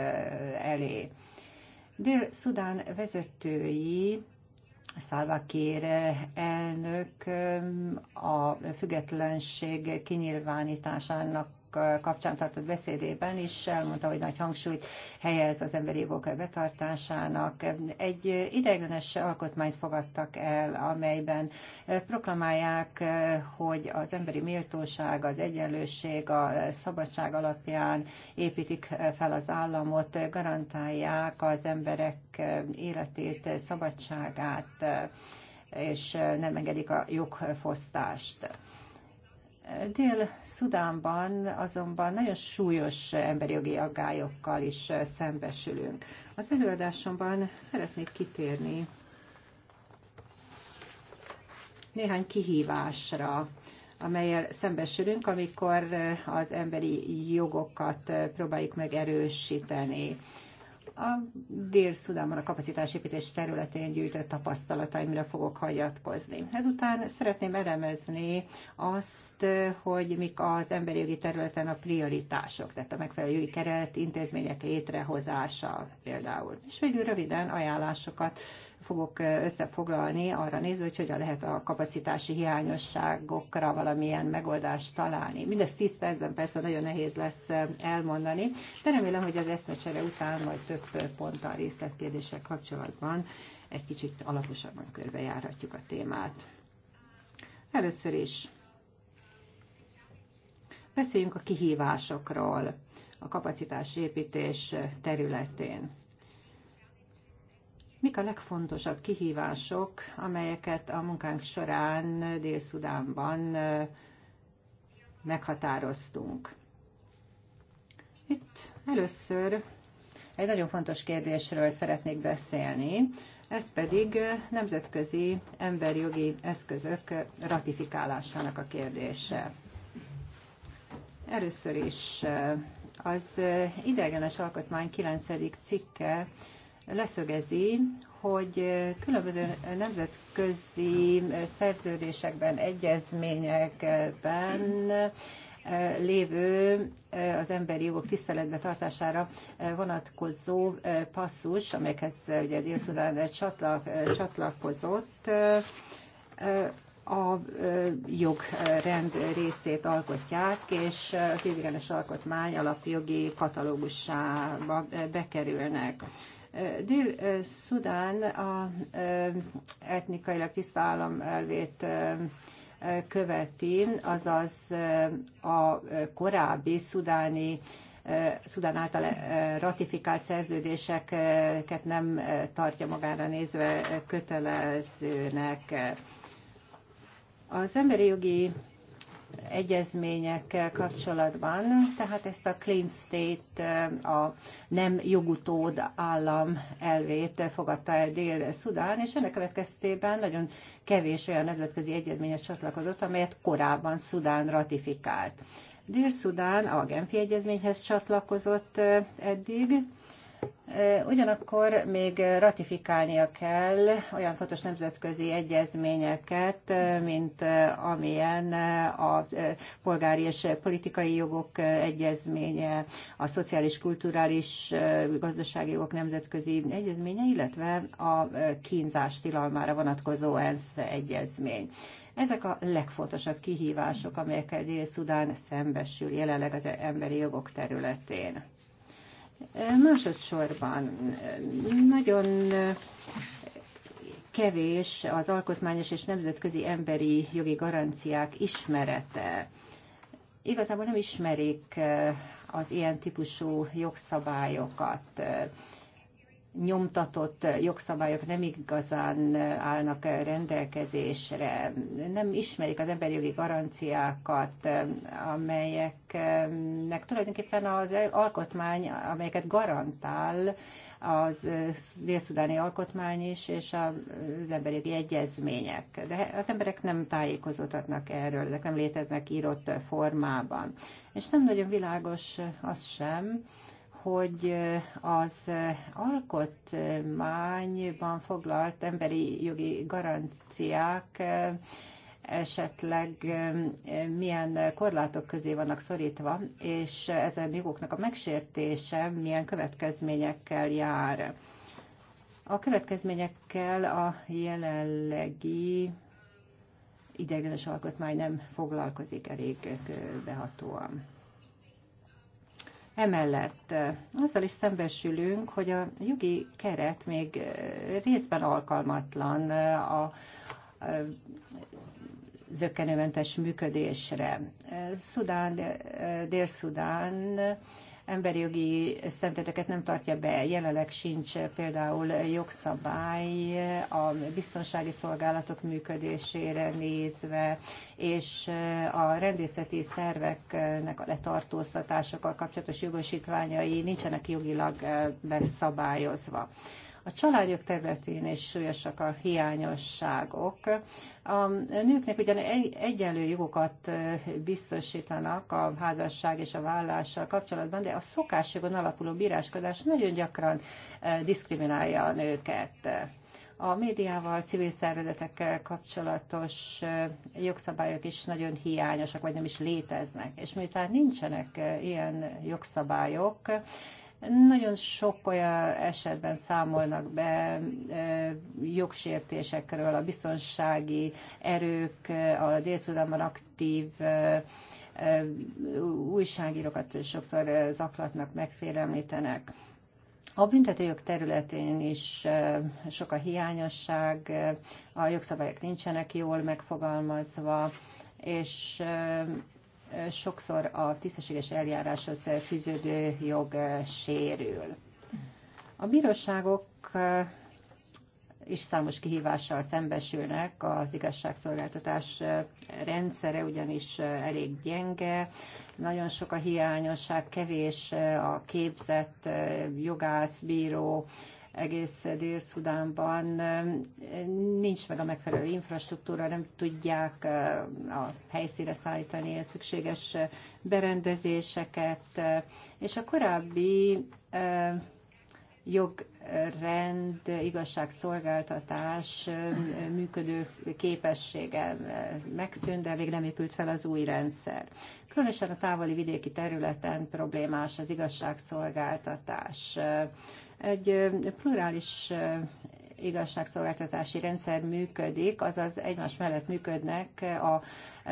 elé. Dél-Szudán vezetői Szálvakér elnök a függetlenség kinyilvánításának kapcsán tartott beszédében is elmondta, hogy nagy hangsúlyt helyez az emberi jogok betartásának. Egy ideiglenes alkotmányt fogadtak el, amelyben proklamálják, hogy az emberi méltóság, az egyenlőség, a szabadság alapján építik fel az államot, garantálják az emberek életét, szabadságát, és nem engedik a jogfosztást Dél-Szudánban azonban nagyon súlyos emberi jogi aggályokkal is szembesülünk. Az előadásomban szeretnék kitérni néhány kihívásra, amelyel szembesülünk, amikor az emberi jogokat próbáljuk meg erősíteni a Dél-Szudánban a kapacitásépítés területén gyűjtött tapasztalataimra fogok hagyatkozni. Ezután szeretném elemezni azt, hogy mik az emberi jogi területen a prioritások, tehát a megfelelő jogi keret, intézmények létrehozása például. És végül röviden ajánlásokat fogok összefoglalni arra nézve, hogy hogyan lehet a kapacitási hiányosságokra valamilyen megoldást találni. Mindezt 10 percben persze nagyon nehéz lesz elmondani, de remélem, hogy az eszmecsere után majd több ponttal részletkérdések kapcsolatban egy kicsit alaposabban körbejárhatjuk a témát. Először is beszéljünk a kihívásokról a építés területén. Mik a legfontosabb kihívások, amelyeket a munkánk során Dél-Szudánban meghatároztunk? Itt először egy nagyon fontos kérdésről szeretnék beszélni, ez pedig nemzetközi emberi jogi eszközök ratifikálásának a kérdése. Először is az ideiglenes alkotmány 9. cikke leszögezi, hogy különböző nemzetközi szerződésekben, egyezményekben eh, lévő eh, az emberi jogok tiszteletbe tartására eh, vonatkozó passzus, amelyekhez ugye Dél-Szudán csatlakozott, a jogrend részét alkotják, és a tízigenes alkotmány alapjogi katalógusába bekerülnek. Dél-Szudán a etnikailag tiszta állam elvét követi, azaz a korábbi szudáni Szudán által ratifikált szerződéseket nem tartja magára nézve kötelezőnek. Az emberi jogi egyezményekkel kapcsolatban, tehát ezt a clean state, a nem jogutód állam elvét fogadta el Dél-Szudán, és ennek következtében nagyon kevés olyan nemzetközi egyezményes csatlakozott, amelyet korábban Szudán ratifikált. Dél-Szudán a Genfi egyezményhez csatlakozott eh, eddig, Ugyanakkor még ratifikálnia kell olyan fontos nemzetközi egyezményeket, mint amilyen a polgári és politikai jogok egyezménye, a szociális, kulturális, gazdasági jogok nemzetközi egyezménye, illetve a kínzás tilalmára vonatkozó ENSZ egyezmény. Ezek a legfontosabb kihívások, amelyekkel Dél-Szudán szembesül jelenleg az emberi jogok területén. Másodszorban nagyon kevés az alkotmányos és nemzetközi emberi jogi garanciák ismerete. Igazából nem ismerik eh, az ilyen típusú jogszabályokat nyomtatott jogszabályok nem igazán állnak rendelkezésre, nem ismerik az emberi jogi garanciákat, amelyeknek tulajdonképpen az alkotmány, amelyeket garantál az dél-szudáni alkotmány is, és az emberi jogi egyezmények. De az emberek nem tájékozódhatnak erről, ezek nem léteznek írott formában. És nem nagyon világos az sem, hogy az alkotmányban foglalt emberi jogi garanciák esetleg milyen korlátok közé vannak szorítva, és ezen jogoknak a megsértése milyen következményekkel jár. A következményekkel a jelenlegi ideiglenes alkotmány nem foglalkozik elég behatóan. Emellett azzal is szembesülünk, hogy a jogi keret még részben alkalmatlan a zöggenőmentes működésre. Szudán, Dél-Szudán emberi jogi szenteteket nem tartja be. Jelenleg sincs például jogszabály a biztonsági szolgálatok működésére nézve, és a rendészeti szerveknek a letartóztatásokkal kapcsolatos jogosítványai nincsenek jogilag beszabályozva. Eh, a családok területén is súlyosak a hiányosságok. A nőknek ugyan egyenlő jogokat biztosítanak a házasság és a vállással kapcsolatban, de a szokásjogon alapuló bíráskodás nagyon gyakran diszkriminálja a nőket a médiával, civil szervezetekkel kapcsolatos jogszabályok is nagyon hiányosak, vagy nem is léteznek. És miután nincsenek ilyen jogszabályok, nagyon sok olyan esetben számolnak be jogsértésekről a biztonsági erők, a Dél-Szudánban aktív újságírókat sokszor zaklatnak, megfélemlítenek. A büntetőjog területén is sok a hiányosság, a jogszabályok nincsenek jól megfogalmazva, és sokszor a tisztességes eljáráshoz fűződő jog eh, sérül. A bíróságok eh, is számos kihívással szembesülnek, az igazságszolgáltatás eh, rendszere ugyanis elég gyenge, nagyon sok a hiányosság, kevés a képzett jogász, bíró, egész Dél-Szudánban eh, nincs meg a megfelelő infrastruktúra, nem tudják eh, a helyszíre szállítani a szükséges eh, berendezéseket, és a korábbi jogrend, igazságszolgáltatás működő képessége megszűnt, de még nem épült fel az új rendszer. Különösen a távoli vidéki területen problémás az igazságszolgáltatás. Egy plurális igazságszolgáltatási rendszer működik, azaz egymás mellett működnek a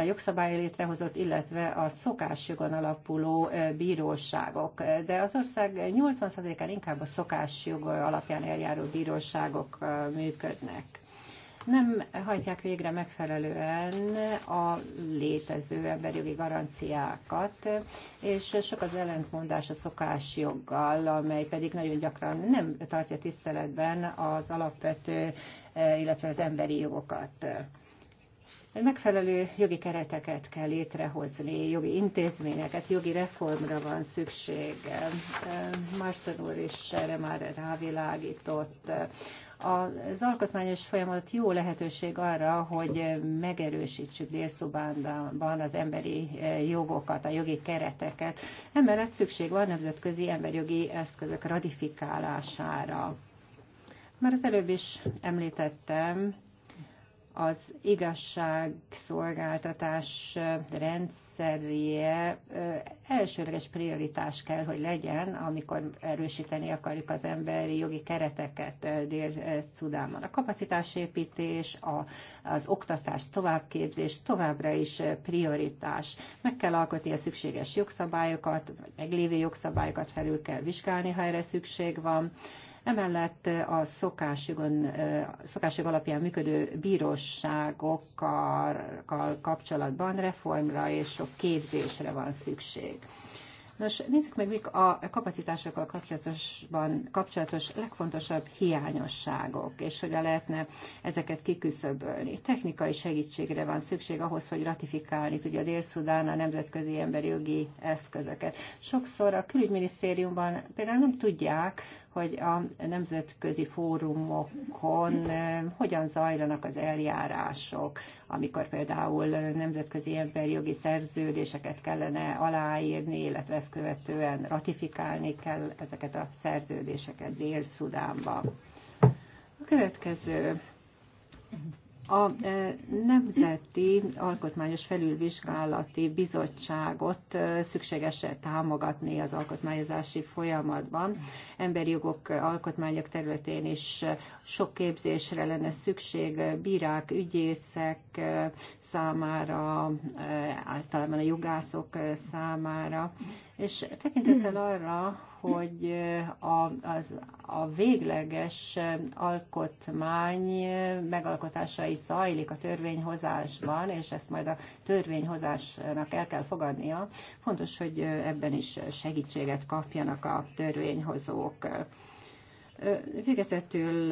jogszabály létrehozott, illetve a szokásjogon alapuló bíróságok. De az ország 80%-án inkább a szokásjog alapján eljáró bíróságok működnek nem hajtják végre megfelelően a létező emberjogi garanciákat, és sok az ellentmondás a szokásjoggal, amely pedig nagyon gyakran nem tartja tiszteletben az alapvető, illetve az emberi jogokat. Megfelelő jogi kereteket kell létrehozni, jogi intézményeket, jogi reformra van szükség. Marston úr is erre már rávilágított. Az alkotmányos folyamat jó lehetőség arra, hogy megerősítsük délszobánban az emberi eh, jogokat, a jogi kereteket. Emellett szükség van nemzetközi emberjogi eszközök ratifikálására. Már az előbb is említettem, az igazságszolgáltatás rendszerje elsőleges prioritás kell, hogy legyen, amikor erősíteni akarjuk az emberi jogi kereteket Dél-Szudánban. A kapacitásépítés, a, az oktatás, továbbképzés továbbra is prioritás. Meg kell alkotni a szükséges jogszabályokat, meglévő jogszabályokat felül kell vizsgálni, ha erre szükség van Emellett a szokásjogon, szokásjog alapján működő bíróságokkal kapcsolatban reformra és sok képzésre van szükség. Nos, nézzük meg, mik a kapacitásokkal kapcsolatosban kapcsolatos legfontosabb hiányosságok, és hogyan lehetne ezeket kiküszöbölni. Technikai segítségre van szükség ahhoz, hogy ratifikálni tudja Dél-Szudán a nemzetközi emberi jogi eszközöket. Sokszor a külügyminisztériumban például nem tudják, hogy a nemzetközi fórumokon eh, hogyan zajlanak az eljárások, amikor például nemzetközi emberi jogi szerződéseket kellene aláírni, illetve ezt követően ratifikálni kell ezeket a szerződéseket Dél-Szudánban. A következő a e, Nemzeti Alkotmányos Felülvizsgálati Bizottságot e, szükséges támogatni az alkotmányozási folyamatban. Emberi jogok alkotmányok területén is sok képzésre lenne szükség, bírák, ügyészek e, számára, általában a jogászok számára. És tekintettel arra, hogy a, az, a végleges alkotmány megalkotásai zajlik a törvényhozásban, és ezt majd a törvényhozásnak el kell fogadnia. Fontos, hogy ebben is segítséget kapjanak a törvényhozók. Végezetül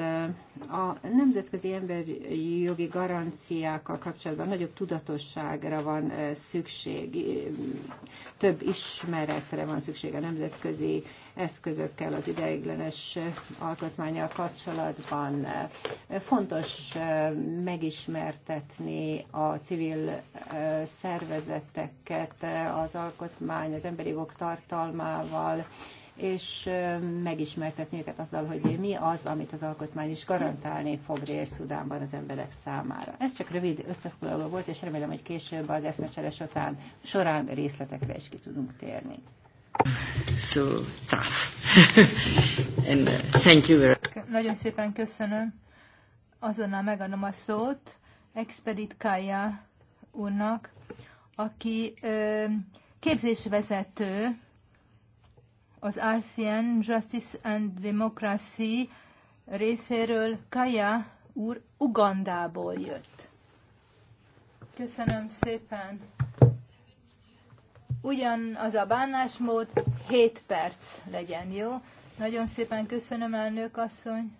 a nemzetközi emberi jogi garanciákkal kapcsolatban nagyobb tudatosságra van szükség, több ismeretre van szükség a nemzetközi eszközökkel az ideiglenes alkotmányjal kapcsolatban. Fontos megismertetni a civil szervezeteket az alkotmány, az emberi jogok tartalmával, és megismertetni őket azzal, hogy mi az, amit az alkotmány is garantálni fog Dél-Szudánban az emberek számára. Ez csak rövid összefoglaló volt, és remélem, hogy később az eszmecsere után során részletekre is ki tudunk térni. So tough. *laughs* And, uh, thank you. Nagyon szépen köszönöm. Azonnal megadom a szót Expedit Kaya úrnak, aki ö, képzésvezető az RCN Justice and Democracy részéről Kaya úr Ugandából jött. Köszönöm szépen. Ugyanaz a bánásmód, 7 perc legyen, jó? Nagyon szépen köszönöm, elnök asszony.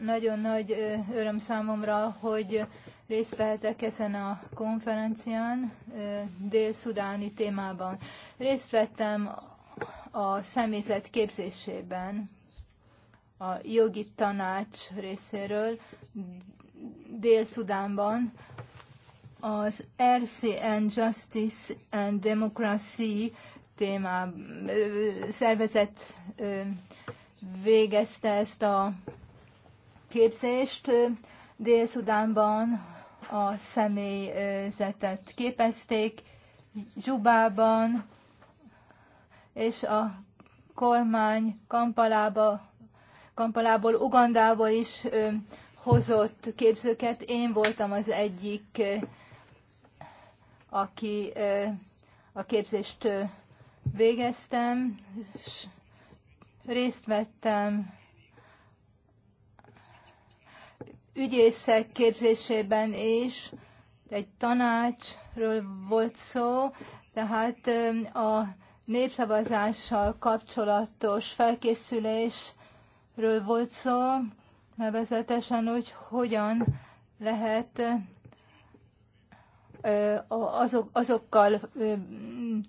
Nagyon nagy öröm számomra, hogy részt vehetek ezen a konferencián dél-szudáni témában. Részt vettem a személyzet képzésében a jogi tanács részéről Dél-Szudánban az RCN Justice and Democracy témá szervezet végezte ezt a képzést Dél-Szudánban, a személyzetet képezték, Zsubában, és a kormány Kampalába, Kampalából, Ugandából is hozott képzőket. Én voltam az egyik, aki a képzést végeztem, és részt vettem ügyészek képzésében is, egy tanácsról volt szó, tehát a népszavazással kapcsolatos felkészülésről volt szó, nevezetesen hogy hogyan lehet azok, azokkal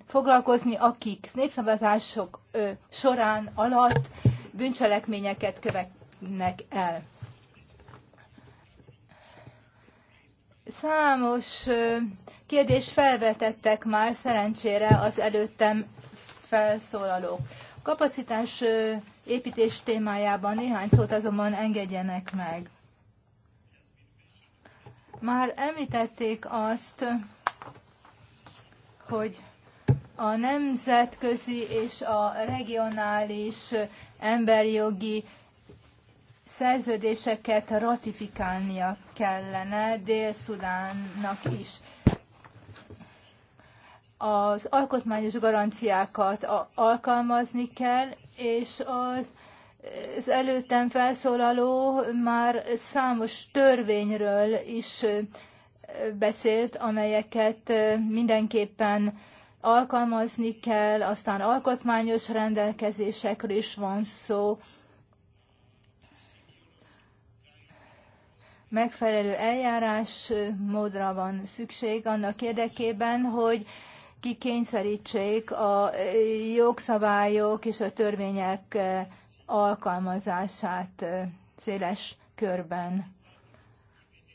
foglalkozni, akik népszavazások során alatt bűncselekményeket követnek el. Számos kérdést felvetettek már szerencsére az előttem felszólalók. Kapacitás építés témájában néhány szót azonban engedjenek meg. Már említették azt, hogy a nemzetközi és a regionális emberjogi szerződéseket ratifikálnia kellene Dél-Szudánnak is az alkotmányos garanciákat alkalmazni kell, és az, az előttem felszólaló már számos törvényről is beszélt, amelyeket mindenképpen alkalmazni kell, aztán alkotmányos rendelkezésekről is van szó, megfelelő eljárás módra van szükség annak érdekében, hogy kikényszerítsék a jogszabályok és a törvények alkalmazását széles körben.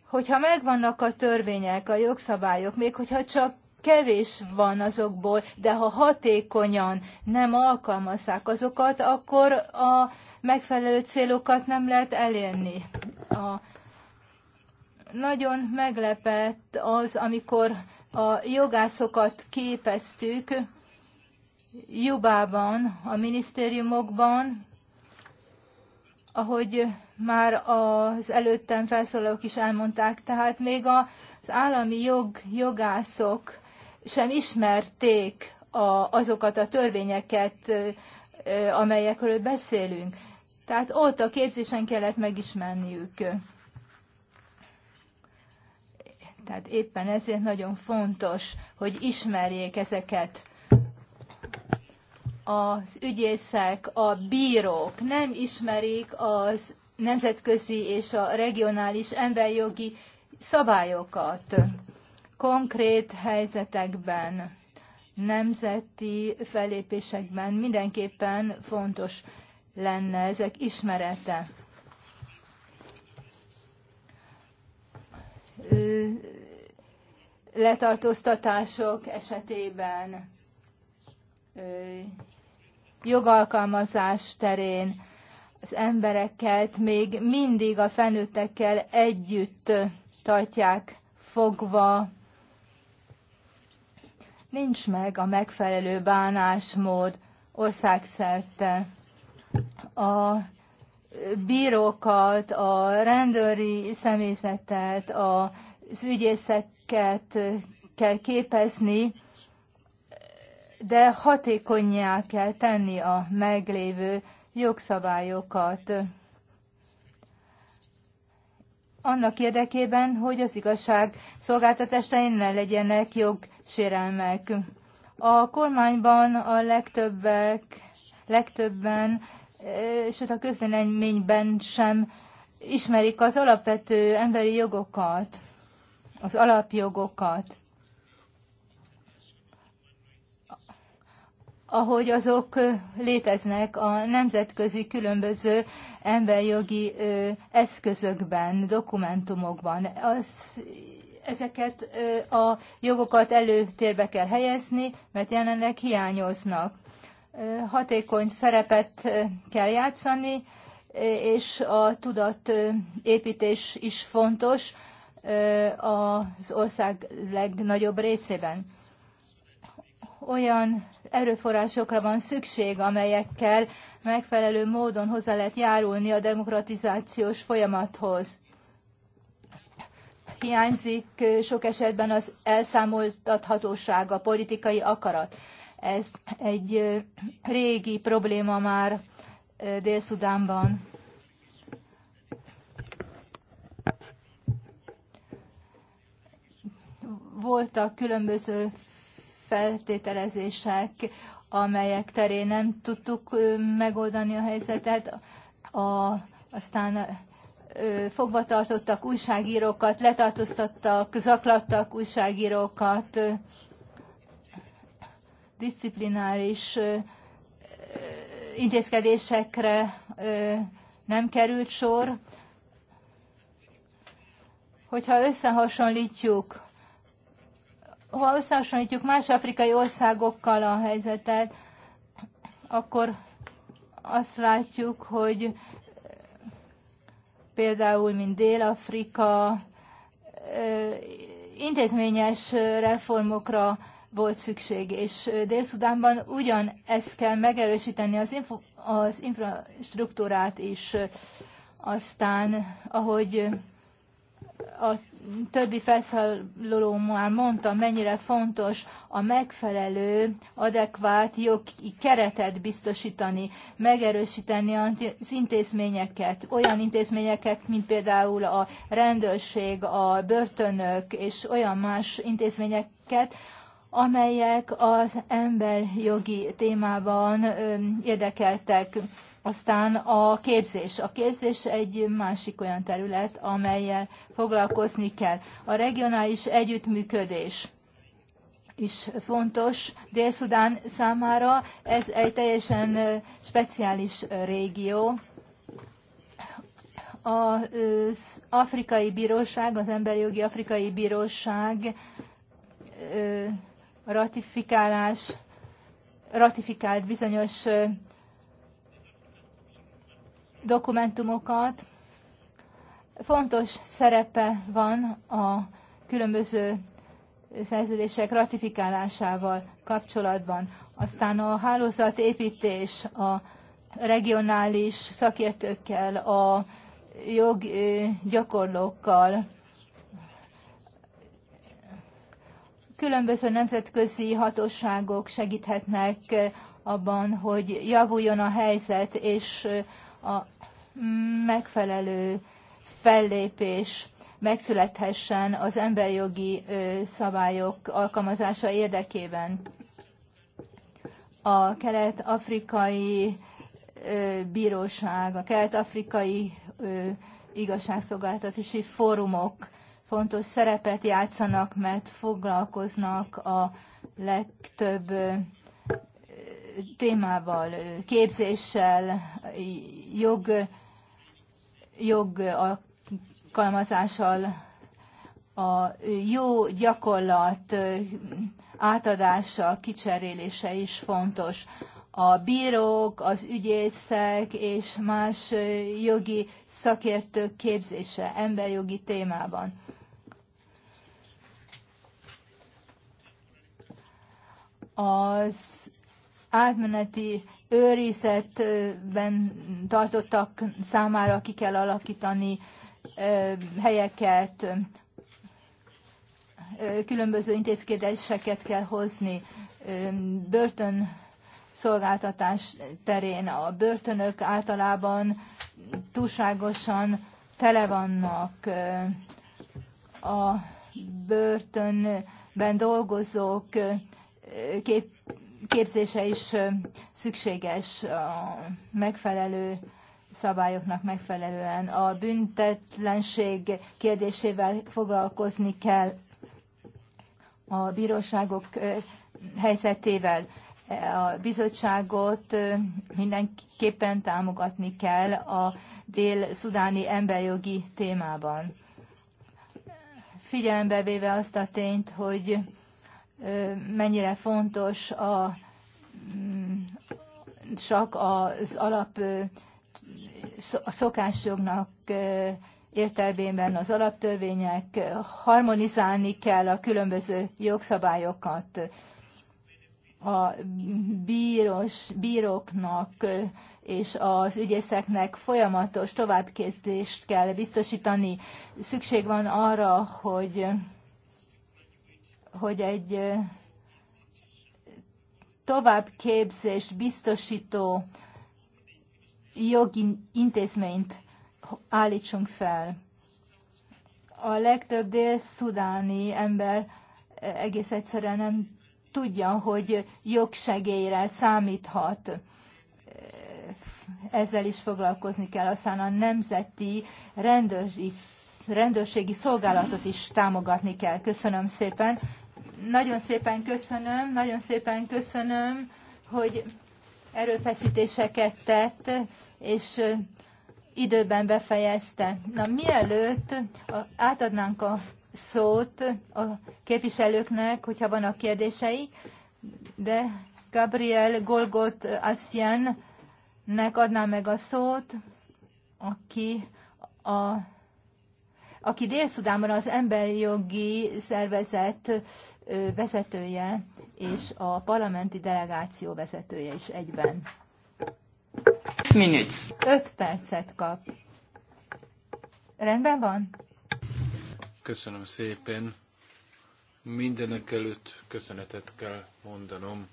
Hogyha megvannak a törvények, a jogszabályok, még hogyha csak kevés van azokból, de ha hatékonyan nem alkalmazzák azokat, akkor a megfelelő célokat nem lehet elérni. A nagyon meglepett az, amikor a jogászokat képeztük Jubában, a minisztériumokban, ahogy már az előttem felszólalók is elmondták, tehát még az állami jog, jogászok sem ismerték a, azokat a törvényeket, amelyekről beszélünk. Tehát ott a képzésen kellett megismerniük tehát éppen ezért nagyon fontos, hogy ismerjék ezeket. Az ügyészek, a bírók nem ismerik az nemzetközi és a regionális emberjogi szabályokat konkrét helyzetekben, nemzeti felépésekben mindenképpen fontos lenne ezek ismerete letartóztatások esetében, jogalkalmazás terén az embereket még mindig a felnőttekkel együtt tartják fogva. Nincs meg a megfelelő bánásmód országszerte. A bírókat, a rendőri személyzetet, az ügyészek őket kell képezni, de hatékonyá kell tenni a meglévő jogszabályokat. Annak érdekében, hogy az igazság szolgáltatásain ne legyenek jogsérelmek. A kormányban a legtöbbek, legtöbben, sőt a közvéleményben sem ismerik az alapvető emberi jogokat az alapjogokat, ahogy azok léteznek a nemzetközi különböző emberjogi eszközökben, dokumentumokban. Az, ezeket a jogokat előtérbe kell helyezni, mert jelenleg hiányoznak. Hatékony szerepet kell játszani, és a tudatépítés is fontos, az ország legnagyobb részében. Olyan erőforrásokra van szükség, amelyekkel megfelelő módon hozzá lehet járulni a demokratizációs folyamathoz. Hiányzik sok esetben az elszámoltathatóság, a politikai akarat. Ez egy régi probléma már Dél-Szudánban. voltak különböző feltételezések, amelyek terén nem tudtuk megoldani a helyzetet. A, aztán fogvatartottak újságírókat, letartóztattak, zaklattak újságírókat, disziplináris intézkedésekre nem került sor. Hogyha összehasonlítjuk ha összehasonlítjuk más afrikai országokkal a helyzetet, akkor azt látjuk, hogy például, mint Dél-Afrika, intézményes reformokra volt szükség, és Dél-Szudánban ugyan ezt kell megerősíteni az, info, az infrastruktúrát is. Aztán, ahogy a többi felszálló már mondta, mennyire fontos a megfelelő, adekvát jogi keretet biztosítani, megerősíteni az intézményeket, olyan intézményeket, mint például a rendőrség, a börtönök és olyan más intézményeket, amelyek az emberjogi témában érdekeltek. Aztán a képzés. A képzés egy másik olyan terület, amelyel foglalkozni kell. A regionális együttműködés is fontos. Dél-Szudán számára ez egy teljesen speciális régió. Az Afrikai Bíróság, az Emberi Jogi Afrikai Bíróság ratifikálás, ratifikált bizonyos dokumentumokat. Fontos szerepe van a különböző szerződések ratifikálásával kapcsolatban. Aztán a hálózatépítés a regionális szakértőkkel, a joggyakorlókkal, különböző nemzetközi hatóságok segíthetnek abban, hogy javuljon a helyzet, és a megfelelő fellépés megszülethessen az emberjogi szabályok alkalmazása érdekében. A kelet-afrikai bíróság, a kelet-afrikai igazságszolgáltatási fórumok fontos szerepet játszanak, mert foglalkoznak a legtöbb témával, képzéssel, jog jog alkalmazással a jó gyakorlat átadása, kicserélése is fontos. A bírók, az ügyészek és más jogi szakértők képzése emberjogi témában. Az átmeneti őrizetben tartottak számára ki kell alakítani helyeket, különböző intézkedéseket kell hozni, börtön szolgáltatás terén a börtönök általában túlságosan tele vannak a börtönben dolgozók kép képzése is szükséges a megfelelő szabályoknak megfelelően. A büntetlenség kérdésével foglalkozni kell a bíróságok helyzetével. A bizottságot mindenképpen támogatni kell a dél-szudáni emberjogi témában. Figyelembe véve azt a tényt, hogy mennyire fontos a, mm, csak az alap a szokásjognak értelmében az alaptörvények, harmonizálni kell a különböző jogszabályokat a bíros, bíróknak és az ügyészeknek folyamatos továbbképzést kell biztosítani. Szükség van arra, hogy hogy egy továbbképzést biztosító jogi intézményt állítsunk fel. A legtöbb dél-szudáni ember egész egyszerűen nem tudja, hogy jogsegélyre számíthat. Ezzel is foglalkozni kell. Aztán a nemzeti rendőrségi szolgálatot is támogatni kell. Köszönöm szépen. Nagyon szépen köszönöm, nagyon szépen köszönöm, hogy erőfeszítéseket tett, és időben befejezte. Na, mielőtt átadnánk a szót a képviselőknek, hogyha vannak kérdései, de Gabriel Golgot Asziennek adná meg a szót, aki a aki Dél-Szudánban az emberjogi szervezet vezetője és a parlamenti delegáció vezetője is egyben. 5 percet kap. Rendben van? Köszönöm szépen. Mindenek előtt köszönetet kell mondanom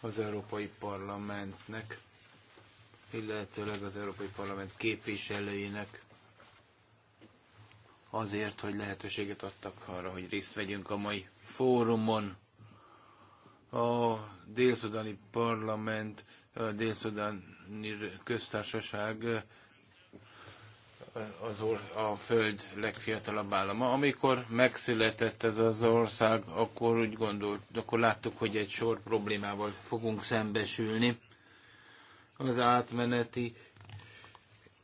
az Európai Parlamentnek, illetőleg az Európai Parlament képviselőinek azért, hogy lehetőséget adtak arra, hogy részt vegyünk a mai fórumon. A délszudani parlament, a délszudáni köztársaság az or- a föld legfiatalabb állama. Amikor megszületett ez az ország, akkor úgy gondolt, akkor láttuk, hogy egy sor problémával fogunk szembesülni. Az átmeneti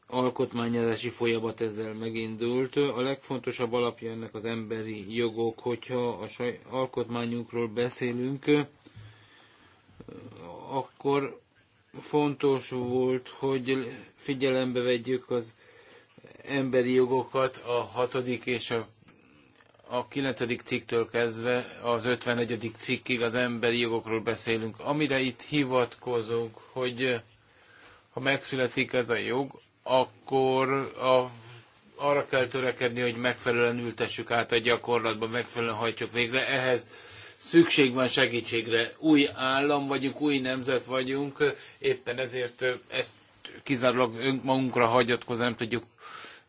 alkotmányozási folyamat ezzel megindult. A legfontosabb alapja ennek az emberi jogok, hogyha a saj, alkotmányunkról beszélünk, akkor fontos volt, hogy figyelembe vegyük az emberi jogokat a hatodik és a a 9. cikktől kezdve az 51. cikkig az emberi jogokról beszélünk. Amire itt hivatkozunk, hogy ha megszületik ez a jog, akkor a, arra kell törekedni, hogy megfelelően ültessük át a gyakorlatban, megfelelően hajtsuk végre. Ehhez szükség van segítségre. Új állam vagyunk, új nemzet vagyunk, éppen ezért ezt kizárólag önmagunkra hagyatkozva nem tudjuk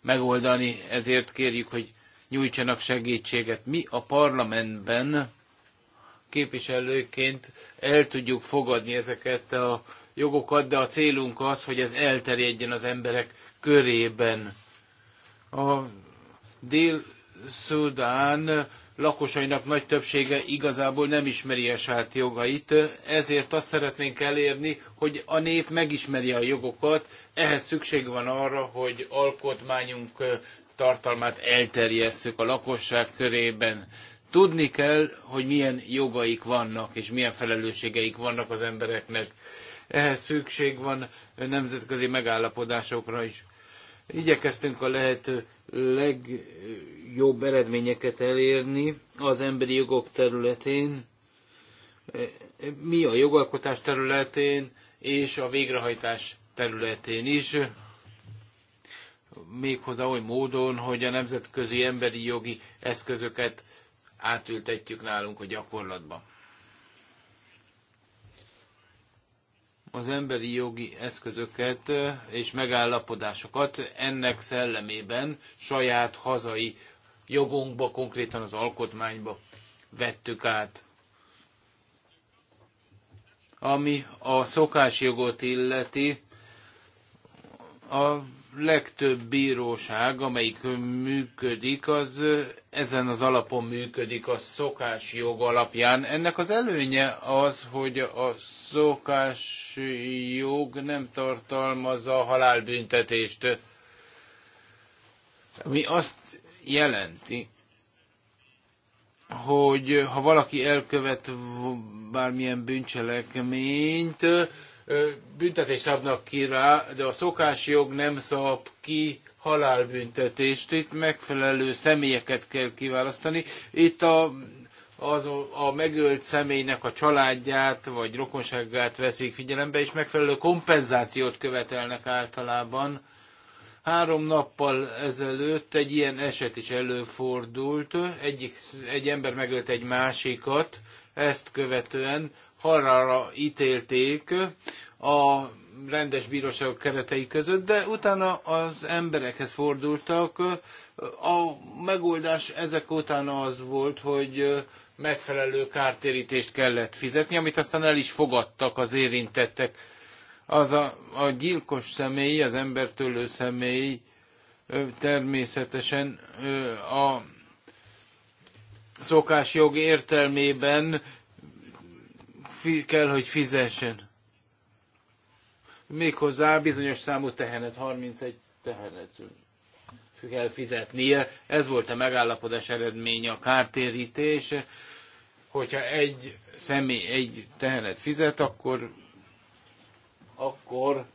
megoldani, ezért kérjük, hogy nyújtsanak segítséget. Mi a parlamentben képviselőként el tudjuk fogadni ezeket a jogokat, de a célunk az, hogy ez elterjedjen az emberek körében. A Dél-Szudán lakosainak nagy többsége igazából nem ismeri a saját jogait, ezért azt szeretnénk elérni, hogy a nép megismerje a jogokat, ehhez szükség van arra, hogy alkotmányunk tartalmát elterjesszük a lakosság körében. Tudni kell, hogy milyen jogaik vannak, és milyen felelősségeik vannak az embereknek. Ehhez szükség van nemzetközi megállapodásokra is. Igyekeztünk a lehető legjobb eredményeket elérni az emberi jogok területén, mi a jogalkotás területén és a végrehajtás területén is, méghozzá oly módon, hogy a nemzetközi emberi jogi eszközöket átültetjük nálunk a gyakorlatban. az emberi jogi eszközöket és megállapodásokat ennek szellemében saját hazai jogunkba, konkrétan az alkotmányba vettük át. Ami a szokásjogot illeti, a legtöbb bíróság, amelyik működik, az ezen az alapon működik a szokás jog alapján. Ennek az előnye az, hogy a szokás jog nem tartalmazza a halálbüntetést, ami azt jelenti, hogy ha valaki elkövet bármilyen bűncselekményt, büntetést szabnak ki rá, de a jog nem szab ki halálbüntetést. Itt megfelelő személyeket kell kiválasztani. Itt a, az, a megölt személynek a családját vagy rokonságát veszik figyelembe, és megfelelő kompenzációt követelnek általában. Három nappal ezelőtt egy ilyen eset is előfordult. Egyik, egy ember megölt egy másikat, ezt követően halálra ítélték, a rendes bíróságok keretei között, de utána az emberekhez fordultak. A megoldás ezek után az volt, hogy megfelelő kártérítést kellett fizetni, amit aztán el is fogadtak az érintettek. Az a, a gyilkos személy, az embertőlő személy természetesen a szokásjog értelmében kell, hogy fizessen méghozzá bizonyos számú tehenet, 31 tehenet kell fizetnie. Ez volt a megállapodás eredménye, a kártérítés. Hogyha egy személy egy tehenet fizet, akkor akkor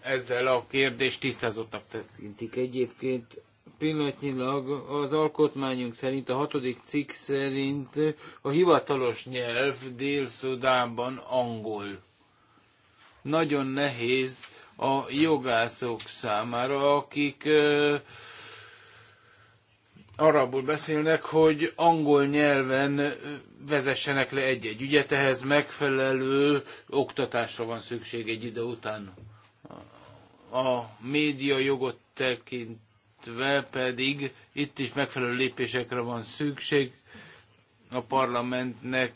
ezzel a kérdést tisztázottnak tekintik. Egyébként Pillanatnyilag az alkotmányunk szerint, a hatodik cikk szerint a hivatalos nyelv Dél-Szudánban angol. Nagyon nehéz a jogászok számára, akik arabul beszélnek, hogy angol nyelven vezessenek le egy-egy ügyet, ehhez megfelelő oktatásra van szükség egy idő után. A média jogot tekint illetve pedig itt is megfelelő lépésekre van szükség. A parlamentnek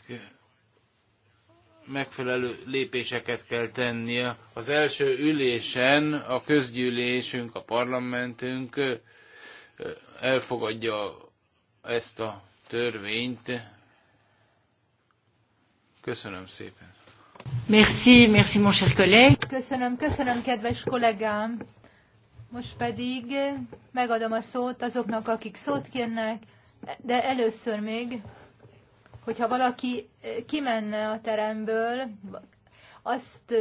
megfelelő lépéseket kell tennie. Az első ülésen a közgyűlésünk, a parlamentünk elfogadja ezt a törvényt. Köszönöm szépen. Merci, merci mon cher collègue. Köszönöm, köszönöm, kedves kollégám. Most pedig megadom a szót azoknak, akik szót kérnek, de először még, hogyha valaki kimenne a teremből, azt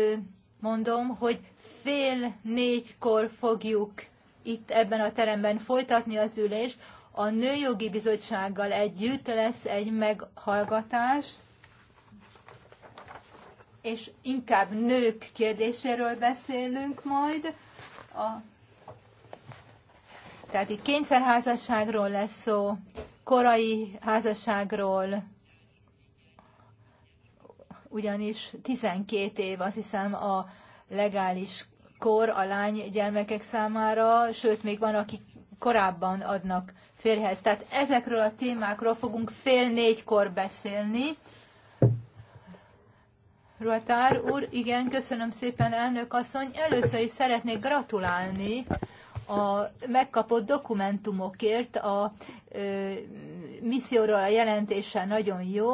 mondom, hogy fél négykor fogjuk itt ebben a teremben folytatni az ülést. A Nőjogi Bizottsággal együtt lesz egy meghallgatás, és inkább nők kérdéséről beszélünk majd. A tehát itt kényszerházasságról lesz szó, korai házasságról, ugyanis 12 év azt hiszem a legális kor a lány gyermekek számára, sőt még van, aki korábban adnak férhez. Tehát ezekről a témákról fogunk fél négykor beszélni. Ruatár úr, igen, köszönöm szépen, elnök asszony. Először is szeretnék gratulálni a megkapott dokumentumokért. A misszióról a jelentése nagyon jó.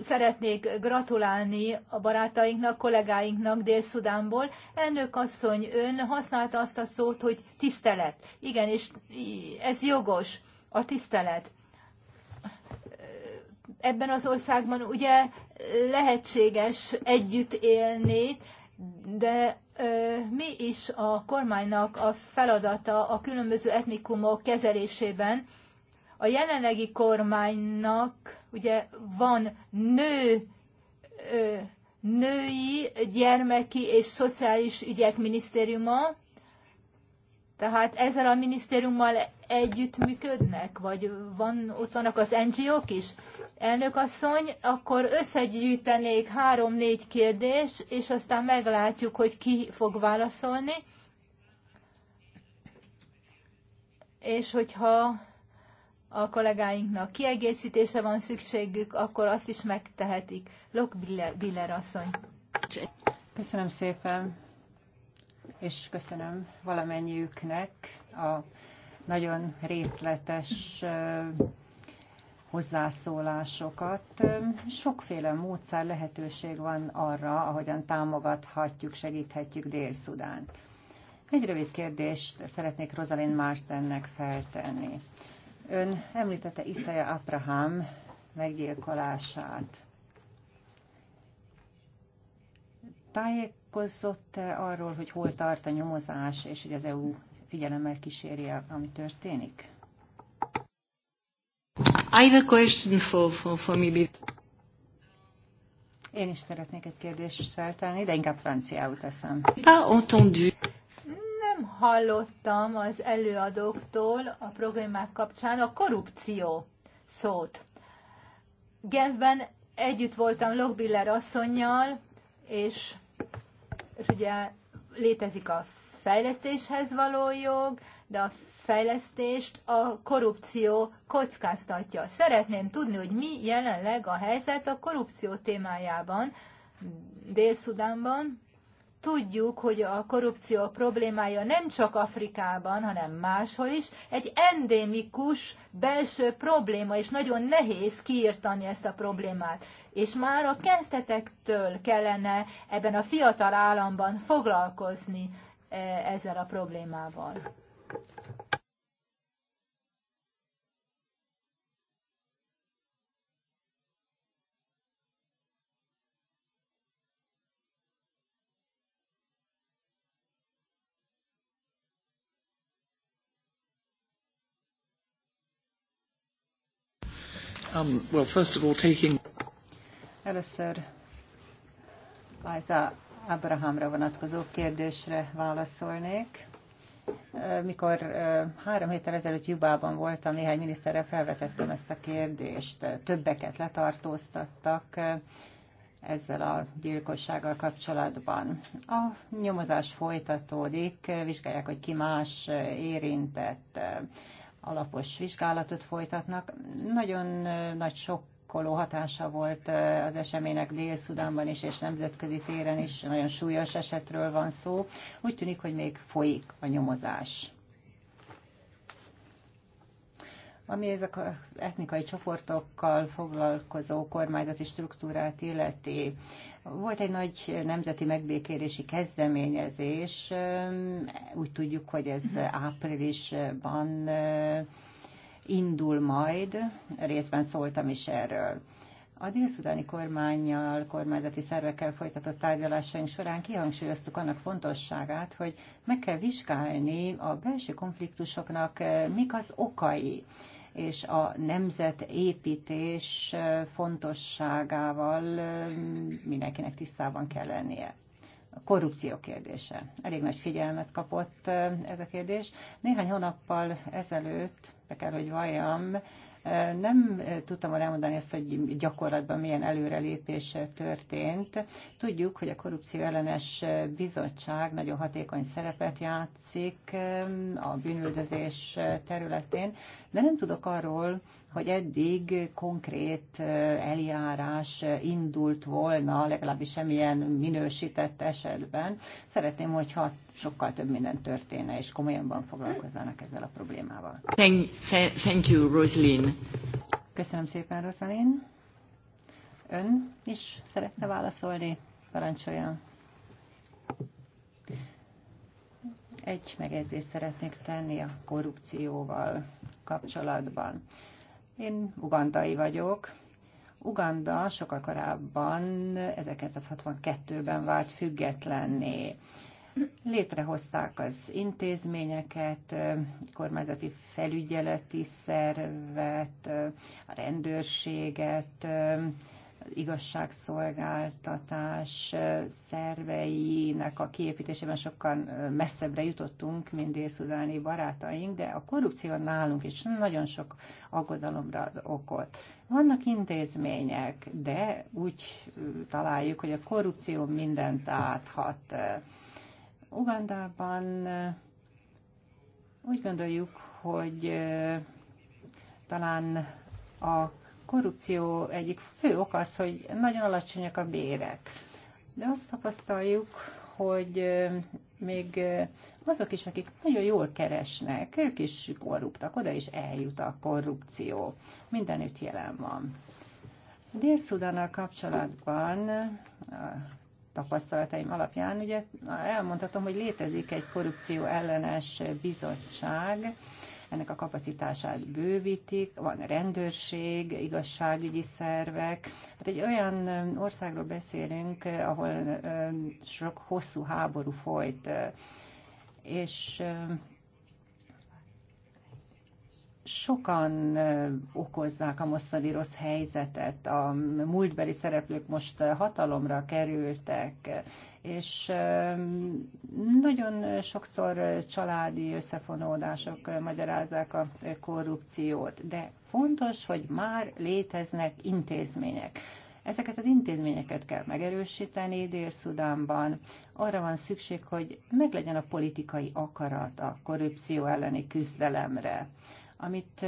Szeretnék gratulálni a barátainknak, kollégáinknak Dél-Szudánból. Elnök asszony, ön használta azt a szót, hogy tisztelet. Igen, és ez jogos, a tisztelet ebben az országban ugye lehetséges együtt élni, de mi is a kormánynak a feladata a különböző etnikumok kezelésében. A jelenlegi kormánynak ugye van nő, női, gyermeki és szociális ügyek minisztériuma, tehát ezzel a minisztériummal együtt működnek, vagy van, ott vannak az NGO-k is? Elnök asszony, akkor összegyűjtenék három-négy kérdés, és aztán meglátjuk, hogy ki fog válaszolni. És hogyha a kollégáinknak kiegészítése van szükségük, akkor azt is megtehetik. Lok Biller, Biller asszony. Köszönöm szépen, és köszönöm valamennyiüknek a nagyon részletes hozzászólásokat. Sokféle módszer lehetőség van arra, ahogyan támogathatjuk, segíthetjük Dél-Szudánt. Egy rövid kérdést szeretnék Rosalind Martennek feltenni. Ön említette Isaiah Abraham meggyilkolását. Tájékozott-e arról, hogy hol tart a nyomozás, és hogy az EU figyelemmel kíséri, ami történik? I have a question for, for, for maybe... Én is szeretnék egy kérdést feltenni, de inkább franciául teszem. Nem hallottam az előadóktól a problémák kapcsán a korrupció szót. Genfben együtt voltam Logbiller asszonynal, és, és ugye létezik a fejlesztéshez való jog, de a fejlesztést a korrupció kockáztatja. Szeretném tudni, hogy mi jelenleg a helyzet a korrupció témájában Dél-Szudánban. Tudjuk, hogy a korrupció problémája nem csak Afrikában, hanem máshol is. Egy endémikus belső probléma, és nagyon nehéz kiirtani ezt a problémát. És már a kezdetektől kellene ebben a fiatal államban foglalkozni e, ezzel a problémával. Um, well, first of all, taking... Először Isaac Abrahamra vonatkozó kérdésre válaszolnék mikor három héttel ezelőtt Jubában voltam, néhány miniszterrel felvetettem ezt a kérdést. Többeket letartóztattak ezzel a gyilkossággal kapcsolatban. A nyomozás folytatódik, vizsgálják, hogy ki más érintett, alapos vizsgálatot folytatnak. Nagyon nagy sok sokkoló hatása volt az eseménynek Dél-Szudánban is, és nemzetközi téren is nagyon súlyos esetről van szó. Úgy tűnik, hogy még folyik a nyomozás. Ami ezek az etnikai csoportokkal foglalkozó kormányzati struktúrát illeti, volt egy nagy nemzeti megbékélési kezdeményezés, úgy tudjuk, hogy ez áprilisban indul majd, részben szóltam is erről. A délszudáni kormányjal, kormányzati szervekkel folytatott tárgyalásaink során kihangsúlyoztuk annak fontosságát, hogy meg kell vizsgálni a belső konfliktusoknak eh, mik az okai és a nemzetépítés eh, fontosságával eh, mindenkinek tisztában kell lennie a korrupció kérdése. Elég nagy figyelmet kapott ez a kérdés. Néhány hónappal ezelőtt, be kell, hogy valljam, nem tudtam volna elmondani ezt, hogy gyakorlatban milyen előrelépés történt. Tudjuk, hogy a korrupció ellenes bizottság nagyon hatékony szerepet játszik a bűnüldözés területén, de nem tudok arról, hogy eddig konkrét eljárás indult volna, legalábbis semmilyen minősített esetben. Szeretném, hogyha sokkal több minden történne, és komolyabban foglalkoznának ezzel a problémával. Thank, thank you, Rosalyn. Köszönöm szépen, Rosalyn. Ön is szeretne válaszolni? Parancsoljon. Egy megjegyzést szeretnék tenni a korrupcióval kapcsolatban. Én ugandai vagyok. Uganda sokkal korábban, 1962-ben vált függetlenné. Létrehozták az intézményeket, kormányzati felügyeleti szervet, a rendőrséget, igazságszolgáltatás szerveinek a kiépítésében sokkal messzebbre jutottunk, mint délszudáni barátaink, de a korrupció nálunk is nagyon sok aggodalomra ad okot. Vannak intézmények, de úgy találjuk, hogy a korrupció mindent áthat. Ugandában úgy gondoljuk, hogy talán a korrupció egyik fő oka az, hogy nagyon alacsonyak a bérek. De azt tapasztaljuk, hogy még azok is, akik nagyon jól keresnek, ők is korruptak, oda is eljut a korrupció. Mindenütt jelen van. Dél-Szudánnal kapcsolatban tapasztalataim alapján ugye elmondhatom, hogy létezik egy korrupció ellenes bizottság, ennek a kapacitását bővítik, van rendőrség, igazságügyi szervek. Hát egy olyan országról beszélünk, ahol sok hosszú háború folyt, és sokan okozzák a mostani rossz helyzetet. A múltbeli szereplők most hatalomra kerültek, és nagyon sokszor családi összefonódások magyarázzák a korrupciót, de fontos, hogy már léteznek intézmények. Ezeket az intézményeket kell megerősíteni Dél-Szudánban. Arra van szükség, hogy meglegyen a politikai akarat a korrupció elleni küzdelemre. Amit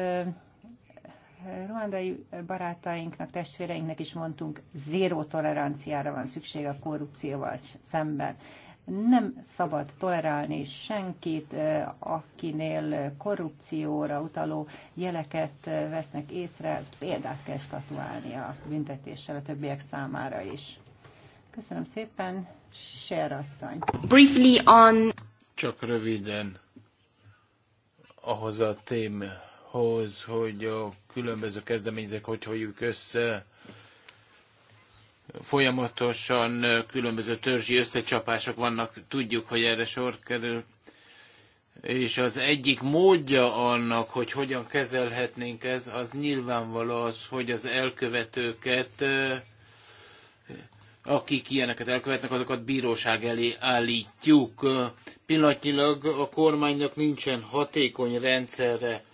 ruandai barátainknak, testvéreinknek is mondtunk, zéró toleranciára van szükség a korrupcióval szemben. Nem szabad tolerálni senkit, akinél korrupcióra utaló jeleket vesznek észre, példát kell statuálni a büntetéssel a többiek számára is. Köszönöm szépen, Sér asszony. Briefly on... Csak röviden ahhoz a témhoz, hogy a különböző kezdeményezek hogy hogyjuk össze. Folyamatosan különböző törzsi összecsapások vannak, tudjuk, hogy erre sor kerül. És az egyik módja annak, hogy hogyan kezelhetnénk ez, az nyilvánvaló az, hogy az elkövetőket akik ilyeneket elkövetnek, azokat bíróság elé állítjuk. Pillanatnyilag a kormánynak nincsen hatékony rendszerre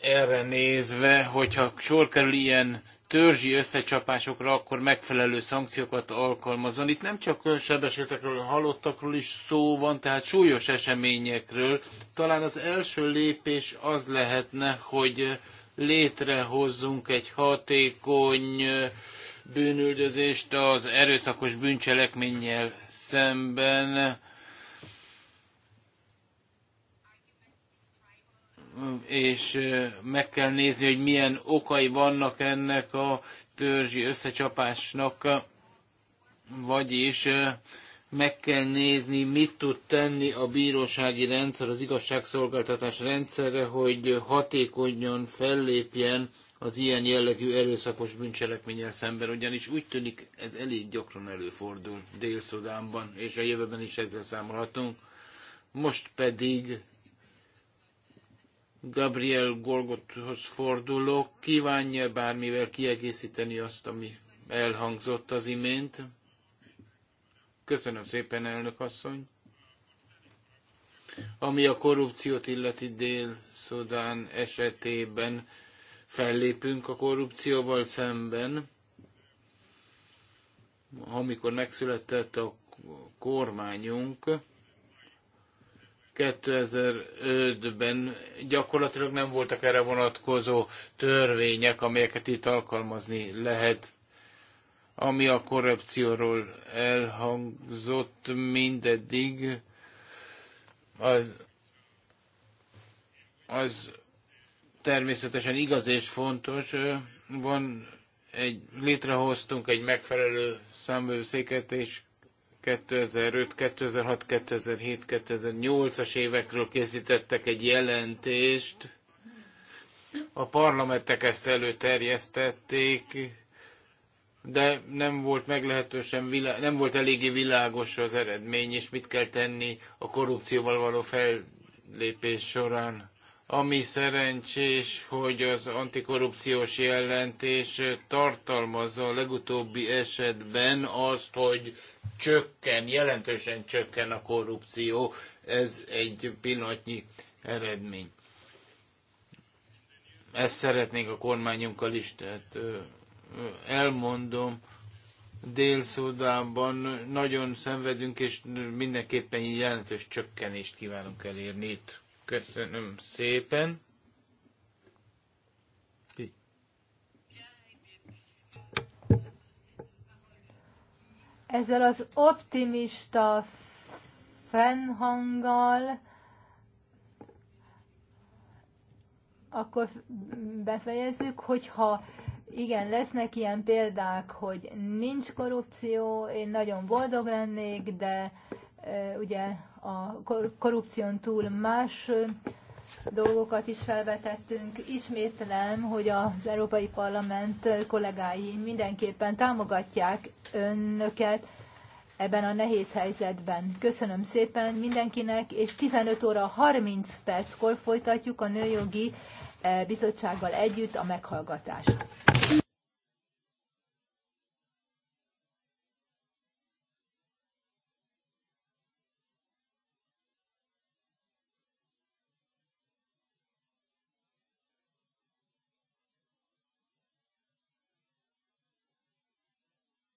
erre nézve, hogyha sor kerül ilyen törzsi összecsapásokra, akkor megfelelő szankciókat alkalmazon. Itt nem csak sebesültekről, halottakról is szó van, tehát súlyos eseményekről. Talán az első lépés az lehetne, hogy létrehozzunk egy hatékony bűnüldözést az erőszakos bűncselekménnyel szemben. és meg kell nézni, hogy milyen okai vannak ennek a törzsi összecsapásnak, vagyis meg kell nézni, mit tud tenni a bírósági rendszer, az igazságszolgáltatás rendszere, hogy hatékonyan fellépjen az ilyen jellegű erőszakos bűncselekménnyel szemben, ugyanis úgy tűnik ez elég gyakran előfordul Dél-Szudánban, és a jövőben is ezzel számolhatunk. Most pedig Gabriel Golgothoz fordulok. Kívánja bármivel kiegészíteni azt, ami elhangzott az imént? Köszönöm szépen, elnök asszony. Ami a korrupciót illeti Dél-Szudán esetében, fellépünk a korrupcióval szemben, amikor megszületett a kormányunk, 2005-ben gyakorlatilag nem voltak erre vonatkozó törvények, amelyeket itt alkalmazni lehet. Ami a korrupcióról elhangzott mindeddig, az, az természetesen igaz és fontos. Van egy, létrehoztunk egy megfelelő számvevőszéket, és 2005, 2006, 2007, 2008-as évekről készítettek egy jelentést. A parlamentek ezt előterjesztették, de nem volt meglehetősen világ, nem volt eléggé világos az eredmény, és mit kell tenni a korrupcióval való fellépés során. Ami szerencsés, hogy az antikorrupciós jelentés tartalmazza a legutóbbi esetben azt, hogy csökken, jelentősen csökken a korrupció. Ez egy pillanatnyi eredmény. Ezt szeretnénk a kormányunkkal is, tehát elmondom, Dél-Szudánban nagyon szenvedünk, és mindenképpen jelentős csökkenést kívánunk elérni itt. Köszönöm szépen. Ezzel az optimista fennhanggal akkor befejezzük, hogyha igen, lesznek ilyen példák, hogy nincs korrupció, én nagyon boldog lennék, de ugye a korrupción túl más dolgokat is felvetettünk. Ismétlem, hogy az Európai Parlament kollégái mindenképpen támogatják önöket ebben a nehéz helyzetben. Köszönöm szépen mindenkinek, és 15 óra 30 perckor folytatjuk a Nőjogi Bizottsággal együtt a meghallgatást.